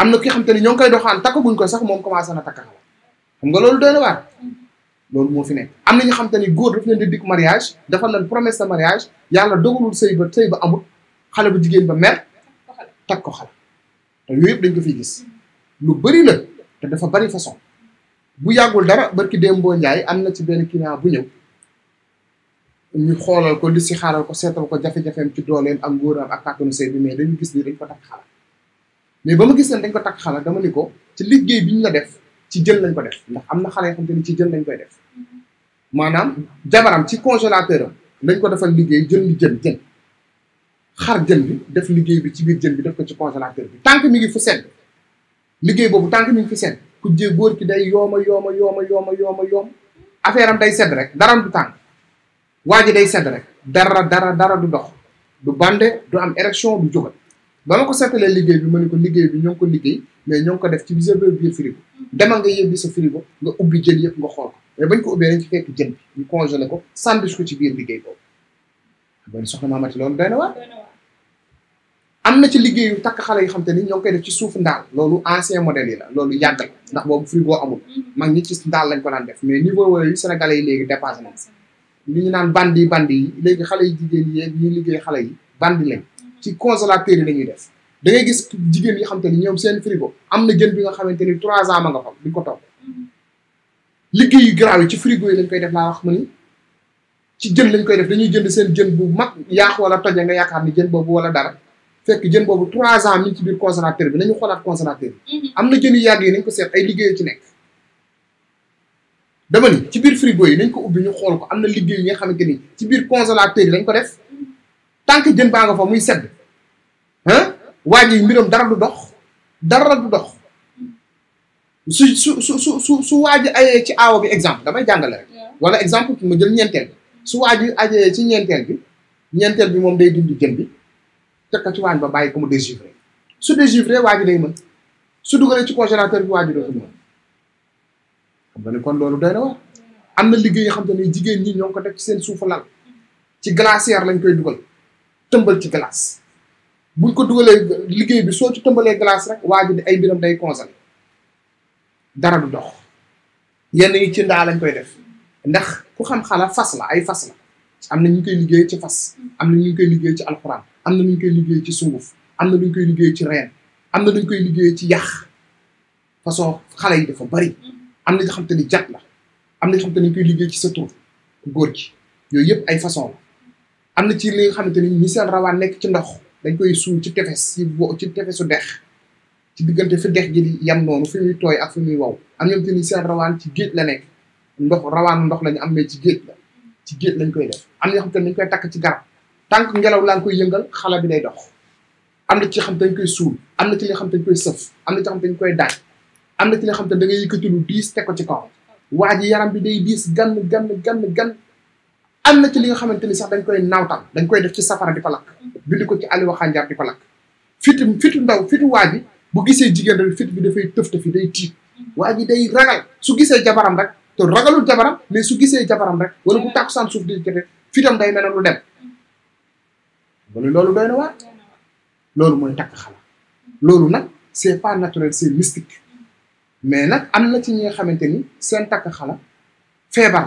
amna ki xamanteni ñong ni ñoo ngi koy doxaan takkaguñ ko sax mom commencé na takkaan xam nga lolu doy war lolu mo fi nekk amna ñi xamanteni goor dafa leen di dik mariage dafa leen promesse de mariage yalla dogulul sey ba sëy ba amul xale bu jigéen ba mer tak ko te yooyu dañ ko fi gis lu bari la te dafa bari façon bu yagul dara barki dembo njaay amna ci ben kina bu ñew ñu xolal ko li si xaaral ko setal ko jafé jafé ci ak goor ak takku sey bi mais dañu gis ni dañ ko takk xala mais ba ma gis ne dañ ko takk xala dama ni ko ci liggéey bi ñu la def ci jël lañ ko def ndax am na xale yoo xam te ni ci jël lañ koy def maanaam jabaram ci congélateur am dañ ko defal liggéey jën bi jën jën xar jën bi def liggéey bi ci biir jën bi def ko ci congélateur bi tant que mi ngi fu sedd liggéey boobu tant mi ngi fu sedd ku jee góor ki day yooma yooma yooma yooma yooma yoom affaire am day sedd rek daram du tàng waa ji day sedd rek dara dara dara du dox du bande du am érection du jógal ba ma ko seetalee liggéey bi ma ni ko liggéey bi ñoo ko liggéey mais ñoo ngi ko def ci biir biir frigo demal nga yëbbi sa frigo nga ubbi jël yëpp nga xool ko mais bañ ko ubbee dañ ci fekk jën bi ñu congelé ko sandwich ko ci biir liggéey boobu bon soxna Maamati loolu doy na am na ci liggéeyu takk xale yi xam te ni ñoo koy def ci suuf ndaal loolu ancien modèle yi la loolu yàgg la ndax boobu frigo amul mm-hmm. mag ñi ci ndaal lañ ko daan def mais niveau wooyu sénégalais yi léegi dépassé na ñu naan bandi bandi yi léegi xale yi jigéen yi ñuy liggéey xale yi bandi lañ ci congélateur yi lañuy def da gis jigéen yi xam te ni ñoom seen frigo am na jën bi nga xamante ni trois ans ma nga fa di liggéey yu garaaw ci frigo yi lañ koy def laa wax ni ci jën lañ koy def dañuy jënd seen jën bu mag yaax wala toje nga yaakaar ni jën boobu wala dara fekk jën boobu trois ans mi ci biir congélateur bi nañu xoolaat congélateur mhm. am na jën yu yàgg yi nañ ko seet ay liggéey ci nekk dama ni ci biir frigo yi nañ ko ubbi ñu xool ko am na liggéey yi nga xamante ni ci biir congélateur yi lañ ko def tant que jën baa nga fa muy sedd ah waa ji mbiram dara du dox dara du dox su su su su su su waa ji ci aawo bi exemple damay jàngale rek wala exemple ma jël ñeenteel bi su waa ji ajee ci ñeenteel bi ñeenteel bi moom day dindi jën bi te ko ci waañ ba bàyyi ko mu désivrer su désivrer waa ji day mën su dugalee ci congélateur bi waa ji moom mën xam ne kon loolu doy na war am na liggéey yoo xam te ne jigéen ñi ñoo ko def ci seen suufu ci glacière lañ koy dugal tëmbal ci glace buñ ko dugalee liggéey bi soo ci tëmbalee glace rek waa ji di ay biram day congelé dara du dox yenn yi ci ndaa lañ koy def ndax ku xam xala fas la ay fas la am na ñu koy liggéey ci fas am na ñu koy liggéey ci alxuraan am na ñu koy liggéey ci sunguf am na lu ñu koy liggéey ci reen am na lu ñu koy liggéey ci yax façon xale yi dafa bari am na xam te ni jat la am na xam te ni ñu koy liggéey ci sa tur góor gi yooyu yëpp ay façon la am na ci li nga xamante ni ñi seen rawaan nekk ci ndox dañ koy suul ci tefes ci ci tefesu dex gi di yam noonu fi muy tooy ak fi muy wow am ñoom ci géej la nekk ndox ndox lañu am mais ci géej ci géej lañ koy def am na ñoo xam te nañ koy takk ci garab tànk ngelaw laa koy yëngal xala bi day dox am na ci xam dañ koy suul am na ci li xam te dañ koy sëf am na ci xam te dañ koy daaj am na ci li xam te da ngay yëkkati lu diis teg ko ci kaw waa ji yaram bi day diis gann gann gann am na ci li nga xamante ni sax dañ koy nawtal dañ koy def ci safara di ko lakk bind ko ci ali waxanjaar di ko lakk fitu fitu ndaw fitu waa ji bu gisee jigéen rek fit bi dafay tëf tëfi day tiit waa ji day ragal su gisee jabaram rek te ragalul jabaram mais su gisee jabaram rek wala bu tàkkusaan suuf di jotee fitam day mel ne lu dem wala loolu doy na waar loolu mooy takk xala loolu nag c'est pas naturel c'est mystique mais nag am na ci ñi nga xamante ni seen takk xala feebar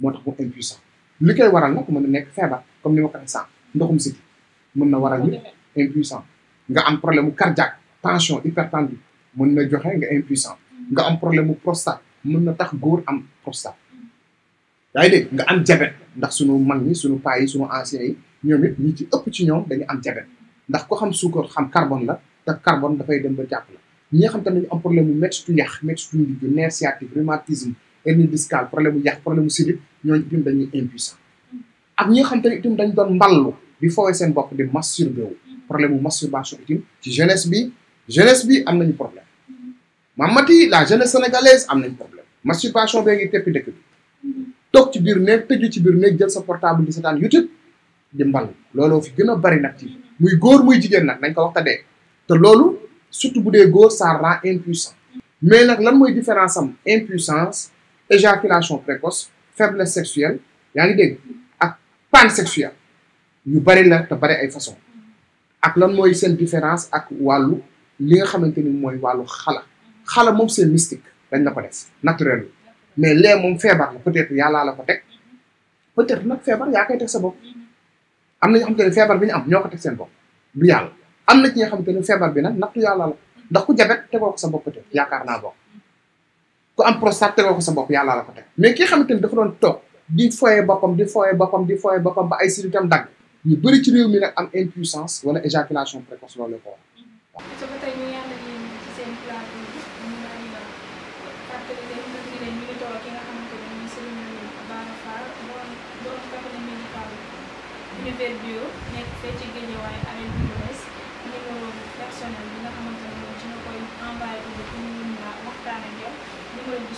moo tax mu impuissant li koy waral ko mën na nekk feebar comme ni ma ko waxee sànq ndoxum siti mën na waral nit impuissant nga am problème mu cardiaque tension hypertendue mën na joxe nga impuissant nga am problème mu prostate mën na tax góor am prostate yaa ngi nga am jabet ndax sunu mag ñi sunu paa yi sunu anciens yi ñoom it ñi ci ëpp ci ñoom dañu am jabet ndax ko xam suukar xam carbone la te carbone dafay dem ba jàpp la ñi nga xam tamit dañu am problème mu métti tu yax métti tu ndigg nerf sciatique rhumatisme hernie discale problème mu yàq problème mu sidit ñooñu itam dañuy impuissant ak ñi nga xam te itam dañ doon mballu di foowee seen bopp di masturbé wu problème mu masturbation itam ci jeunesse bi jeunesse bi am nañu problème mamati la jeunesse sénégalaise am nañu problème masturbation bee ngi teppi dëkk bi toog ci biir néeg tëju ci biir néeg jël sa portable di seetaan YouTube di mballu looloo fi gën a bari nag ci muy góor muy jigéen nag nañ ko wax de te loolu surtout bu dee góor ça rend mais nag lan mooy différence am impuissance éjaculation précoce faiblesse sexuelle yaa ngi dégg ak panne sexuelle yu bari la te bari ay façon ak lan mooy seen différence ak wàllu li nga xamante ni mooy wàllu xala xala moom c'est mystique dañ la ko def naturel mais lee moom feebar la peut-être yàllaa la ko teg peut-être nag feebar yaa koy teg sa bopp am na ñoo xamante ne feebar bi ñu am ñoo ko teg seen bopp du yàlla am na ci ñoo xamante ne feebar bi nag nattu yàlla la ndax ku jabet tegoo ko sa bopp peut-être yaakaar naa bokk ku am prostate tegoo ko sa bopp yàlla la ko teg mais ki nga xamante ni dafa doon toog di foyee boppam di foyee boppam di foyee boppam ba ay siritam dagg ñu bëri ci réew mi nag am impuissance wala éjaculation précoce loolu la ko wax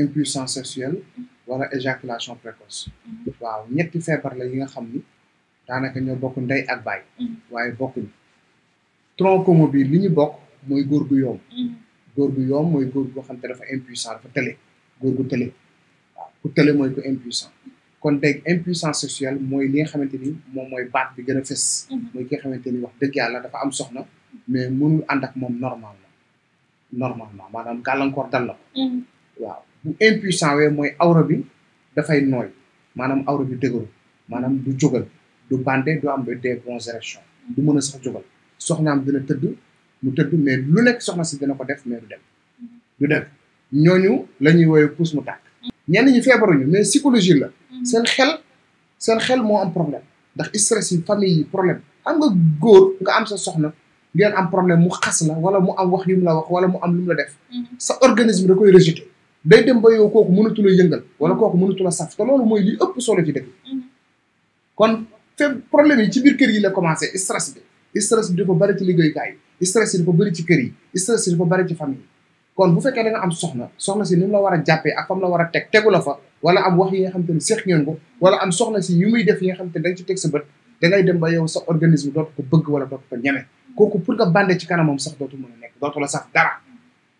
impuissance sexuelle wala éjaculation précoce waaw ñetti feebar la yi nga xam ni daanaka ñoo bokk ndey ak baay mm-hmm. waaye bokkuñu tronc commun bi li ñu bokk mooy góor gu yoom mm-hmm. góor gu yoom mooy góor goo xam te dafa impuissant dafa tële góor gu tële waaw ku tële mooy ku impuissant kon dégg impuissance sexuelle mooy li nga xamante ni moom mooy baat bi gën a fës mm-hmm. mooy ki nga xamante ni wax dëgg yàlla dafa am soxna mais mënul ànd ak moom normalement normalement maanaam la bu impuissant wee mooy awra bi dafay nooy maanaam awra bi dëgëru maanaam du jógal du bande du am des bons érections du mën a sax jógal soxnaam dina tëdd mu tëdd mais lu nekk soxna si dina ko def mais du dem du dem ñooñu la ñuy woowee pousse mu tàkk ñenn ñi feebaruñu mais psychologie la mm-hmm. seen xel seen xel moo am problème ndax stress yi famille yi problème xam nga góor nga am sa soxna ngeen am problème mu xas la wala mu am wax yu mu la wax wala mu am lu mu la def mm-hmm. sa organisme da koy rejeté day dem ba yow kooku mënatu la yëngal wala kooku mënatu saf te loolu mooy li ëpp solo ci dëkk mhm. kon faible problème yi ci biir kër yi la commencé stress bi stress bari ci liggéeyukaay yi stress yi bëri ci kër yi stress yi dafa bëri famille kon bu fekkee da am soxna soxna si ni mu la war a jàppee ak fam la war a teg tegu la fa wala am wax yi nga xam te ne seq ngeen ko wala am soxna si yu muy def yi nga xam te ne ci teg sa bët da dem ba yow sa organisme dootu ko bëgg wala dootu ko ñeme mhm. kooku pour nga bande ci kanamam sax dootu mën la saf dara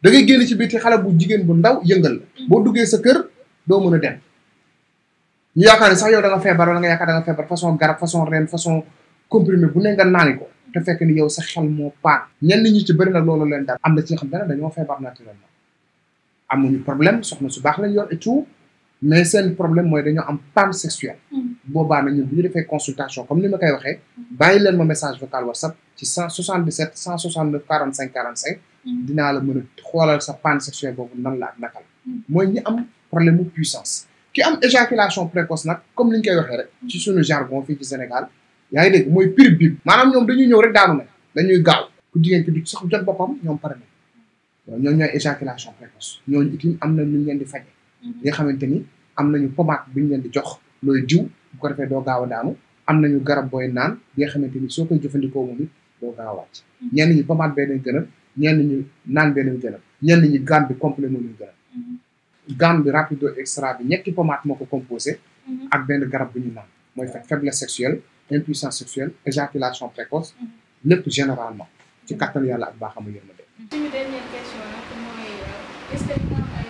da ngay génn ci biti xale bu jigéen bu ndaw yëngal mm. boo duggee sa kër doo mën a dem ñu yaakaar ne sax yow da nga feebar wala nga yaakaar da nga feebar façon garab façon ren façon comprimé bu ne nga naani ko te fekk ni yow sa xel moo paan ñenn ñi ci bëri na loolu leen dal am na ci xam dana dañoo feebar naturellement amuñu problème soxna su baax lañ yor et tout mais seen problème mooy dañoo am panne sexuelle mm. boobaa na ñun bu ñu defee consultation comme ni ma koy waxee bàyyi leen ma message vocal whatsapp ci 177 169 45 45 dinaa la mën a xoolal sa panne sexuelle boobu nan laa ak naka la mooy ñi am problème mu puissance ki am éjaculation précoce nag comme liñ ñu koy waxee rek ci suñu jargon fii ci Sénégal yaa ngi dégg mooy pir bi maanaam ñoom dañuy ñëw rek daanu ne dañuy gaaw ku jigéen ki du sax jot boppam ñoom pare na ñoom ñooy éjaculation précoce ñooñu itam am na lu ñu leen di faje li mhm. nga xamante ni am nañu pommade bu ñu leen di jox looy diw bu ko defee doo gaaw a daanu am nañu garab booy naan bi nga xamante ni soo koy jëfandikoo moom it doo gaaw a wàcc mhm. ñenn ñi ñenn ñi naan be lañ gënal ñenn ñi gamme bi complet moo leen mhm. gënal gamme bi rapido extra bi ñetti pomate moo ko composé mhm. ak benn garab bu ñu naan mooy fa faiblesse sexuelle impuissance sexuelle éjaculation précoce mhm. lépp généralement ci kattan yàlla ak baaxamu yërmande suñu dernière question nag mooy euh, est-ce que dina am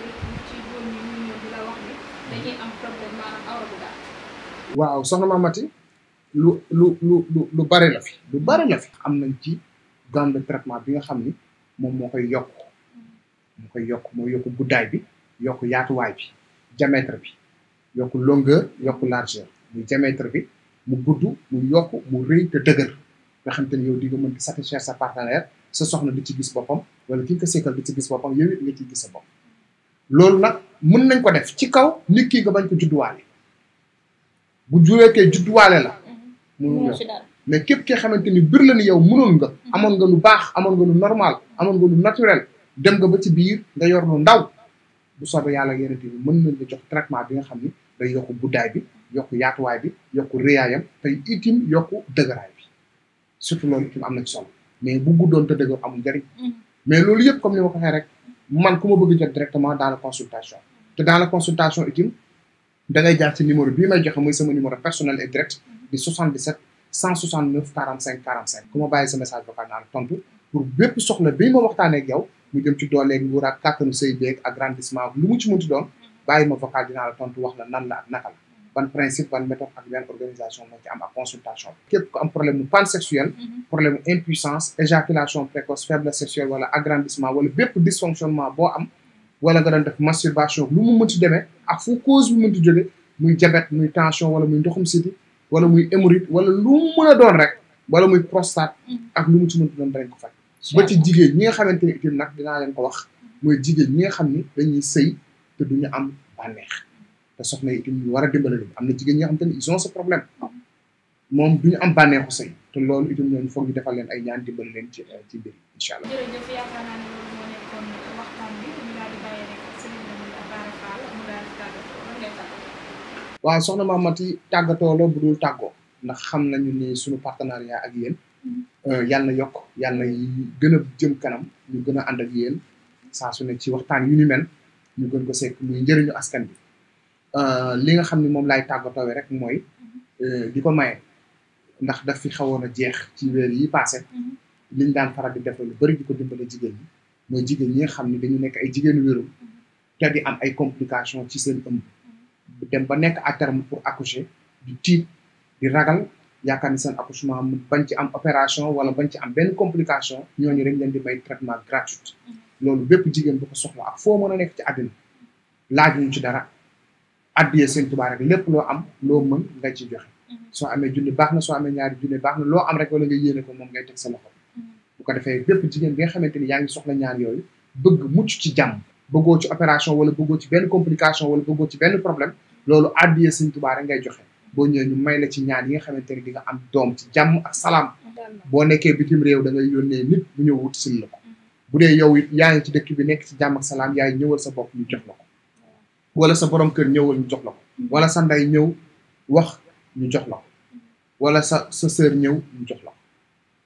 ci góor ñi ñu ñëw wax ni dañuy am problème maanaam awra bu daal waaw soxna Mamati lu lu lu lu lu bare la fi lu bare la fi am nañ ci gamme de traitement bi nga xam ni moom moo koy yokk moo koy yokk moo yokk guddaay bi yokk yaatuwaay bi diamètre bi yokk longueur yokk largeur muy diamètre bi mu gudd mu yokk mu rëy te dëgër nga xam te ne yow di nga mën di sa partenaire sa soxna di ci gis boppam wala ki nga sekkal di ci gis boppam yow it nga ci gis sa bopp loolu nag mën nañ ko def ci kaw nit ki nga bañ ko judduwaale bu jureekee judduwaale la mm-hmm. mënuñu mais képp kee xamante ni bir la ni yow mënoon nga mhm. amoon nga lu baax amoon nga lu normal amoon nga lu naturel dem nga ba ci biir nga yor lu ndaw bu soobee yàlla yenente bi mën nañ la jox traitement bi nga xam ni day yokku buddaay bi yokku yaatuwaay bi yokku réyaayam te itim yokku dëgëraay bi surtout loolu itam am na ci mais bu guddoon te dëgër amul njëriñ mhm. mais loolu yëpp comme ni ma ko waxee rek man ku ma bëgg jot directement dans consultation te dans la consultation itim da ngay jaar ci numéro bii may joxe muy sama numéro personnel et direct di 77 mhm. 169 45 45 Comment message vocal pour bépp soxna mo waxtane ak yow agrandissement lu mu ci vocal la tontu wax la nan la principe méthode organisation consultation problème pansexuel mhm. problème impuissance éjaculation précoce faiblesse sexuelle wala agrandissement wala dysfonctionnement am. wala nga masturbation lu mu cause diabète, tension wala ndoxum wala muy hémorroïde wala lu mu a doon rek wala muy prostate ak lu mu ci mën doon dañ ko faj ba ci jigéen ñi nga xamante ne itam nag dinaa leen ko wax mooy jigéen ñi nga xam ni dañuy sëy te duñu am bànneex te soxna yi itam wara war leen am na jigéen ñi nga xamante ne ils problème moom duñu am bànneexu sëy te loolu itam ñooñu foog ñu defal leen ay ñaan dimbale leen ci ci mbir incha allah. waaw soxna maam Mati tàggatoo la bu dul tàggoo ndax xam nañu ni suñu partenariat ak yéen mm-hmm. euh, yàlla na yokk yàlla na gën a jëm kanam ñu gën a ànd ak yéen saa su ne ci waxtaan yu ñu mel ñu gën ko sekk muy njëriñu askan bi euh, li nga xam ne moom laay tàggatoowee rek mooy mm-hmm. euh, di ko maye ndax daf fi xawoon a jeex ci weer yi passé mm-hmm. liñ daan faral di def lu bëri di ko dimbale jigéen ñi mooy jigéen ñi nga xam ne dañu nekk ay jigéenu wérum te di am ay complications ci seen ëmb di dem ba nekk à terme pour accoucher di tiit di ragal yaakaar ni seen accouchement mu bañ ci am opération wala bañ ci am benn complication ñooñu rek leen di may traitement gratuit mm-hmm. loolu bépp jigéen bu ko soxla ak foo mën a nekk ci àddina laajuñu ci dara addiyee seen tubaab rek lépp loo am loo mën nga ci joxe mm-hmm. soo amee junni baax na soo amee ñaari junni baax na loo am rek wala ko moom ngay teg sa loxo mm-hmm. bu ko defee bépp jigéen bi nga xamante ni yaa ngi soxla ñaar yooyu bëgg mucc ci jàmm bëggoo ci opération wala bëggoo ci benn complication wala bëggoo ci benn problème loolu àddiya Sëñ Tuubaa rek ngay joxe boo ñëwee ñu may la ci ñaan yi nga xamante ne di am doom ci jàmm ak salaam boo nekkee bitim réew da ngay yónnee nit bu ñëw wut sil la ko mm-hmm. bu dee yow it yaa ngi ci dëkk bi nekk ci jàmm ak salaam yaay ñëwal sa bopp ñu jox la ko wala sa borom kër ñëwal ñu jox la ko mm-hmm. wala sa ndey ñëw wax ñu jox la ko mm-hmm. wala sa sa sœur ñëw ñu la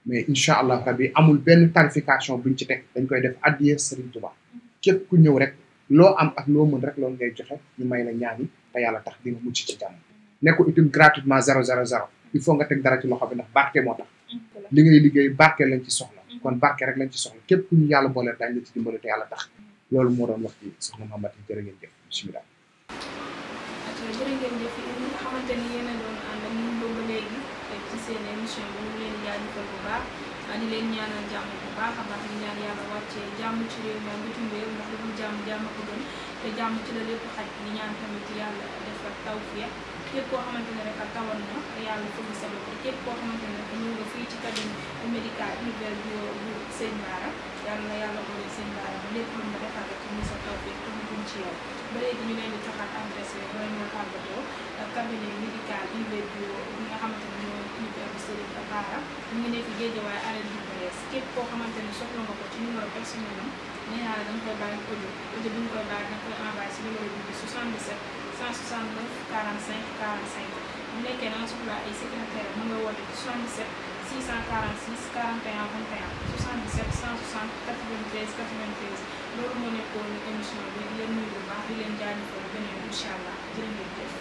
mais incha allah rabbi amul benn tarification buñ ci teg dañ koy def àddiya Sëriñ Tuubaa képp ku ñëw rek loo am ak loo mën rek loolu ngay joxe ñu may la ñaan te yàlla tax di nga mucc ci jàmm nekkul itam gratuitement zéro zéro zéro il faut nga teg dara ci loxo bi ndax barke moo tax li ngay liggéey barke lañ ci soxla kon barke rek lañ ci soxla képp ku ñu yàlla booleel daañu la ci dimbali te yàlla tax loolu moo doon wax ci soxna Mamath yi jërë ngeen jëf bisimilah jërë ngeen wàccee jàmm ci réew moom bitim réew ndax lu dul jàmm jàmm ko gën te jàmm ci la lépp xaj ni ñaan tamit yàlla defal tawfiq képp koo xamante ne rek a tawoon na yàlla fëgg sa bopp te koo xamante ne rek ñëw nga fii ci cabinet bu bu sëñ Bara yow bu nga xamante ne ñoo univers bu sëñ Bara ñu ngi nekk Guédiawaye arène képp koo xamante ne soxla nga ko ci numéro personnel am nee naa la da nga koy bàyyi audio audio bi nga koy bàyyi da nga koy envoyé si numéro bi 77 169 45 45 bu nekkee da soxla ay secrétaire mën nga woote ci 77 646 41 21 77 160 93 93 loolu moo nekkoon émission bi leen nuyu bu baax di leen jaajëfal beneen incha allah jërë ngeen jëf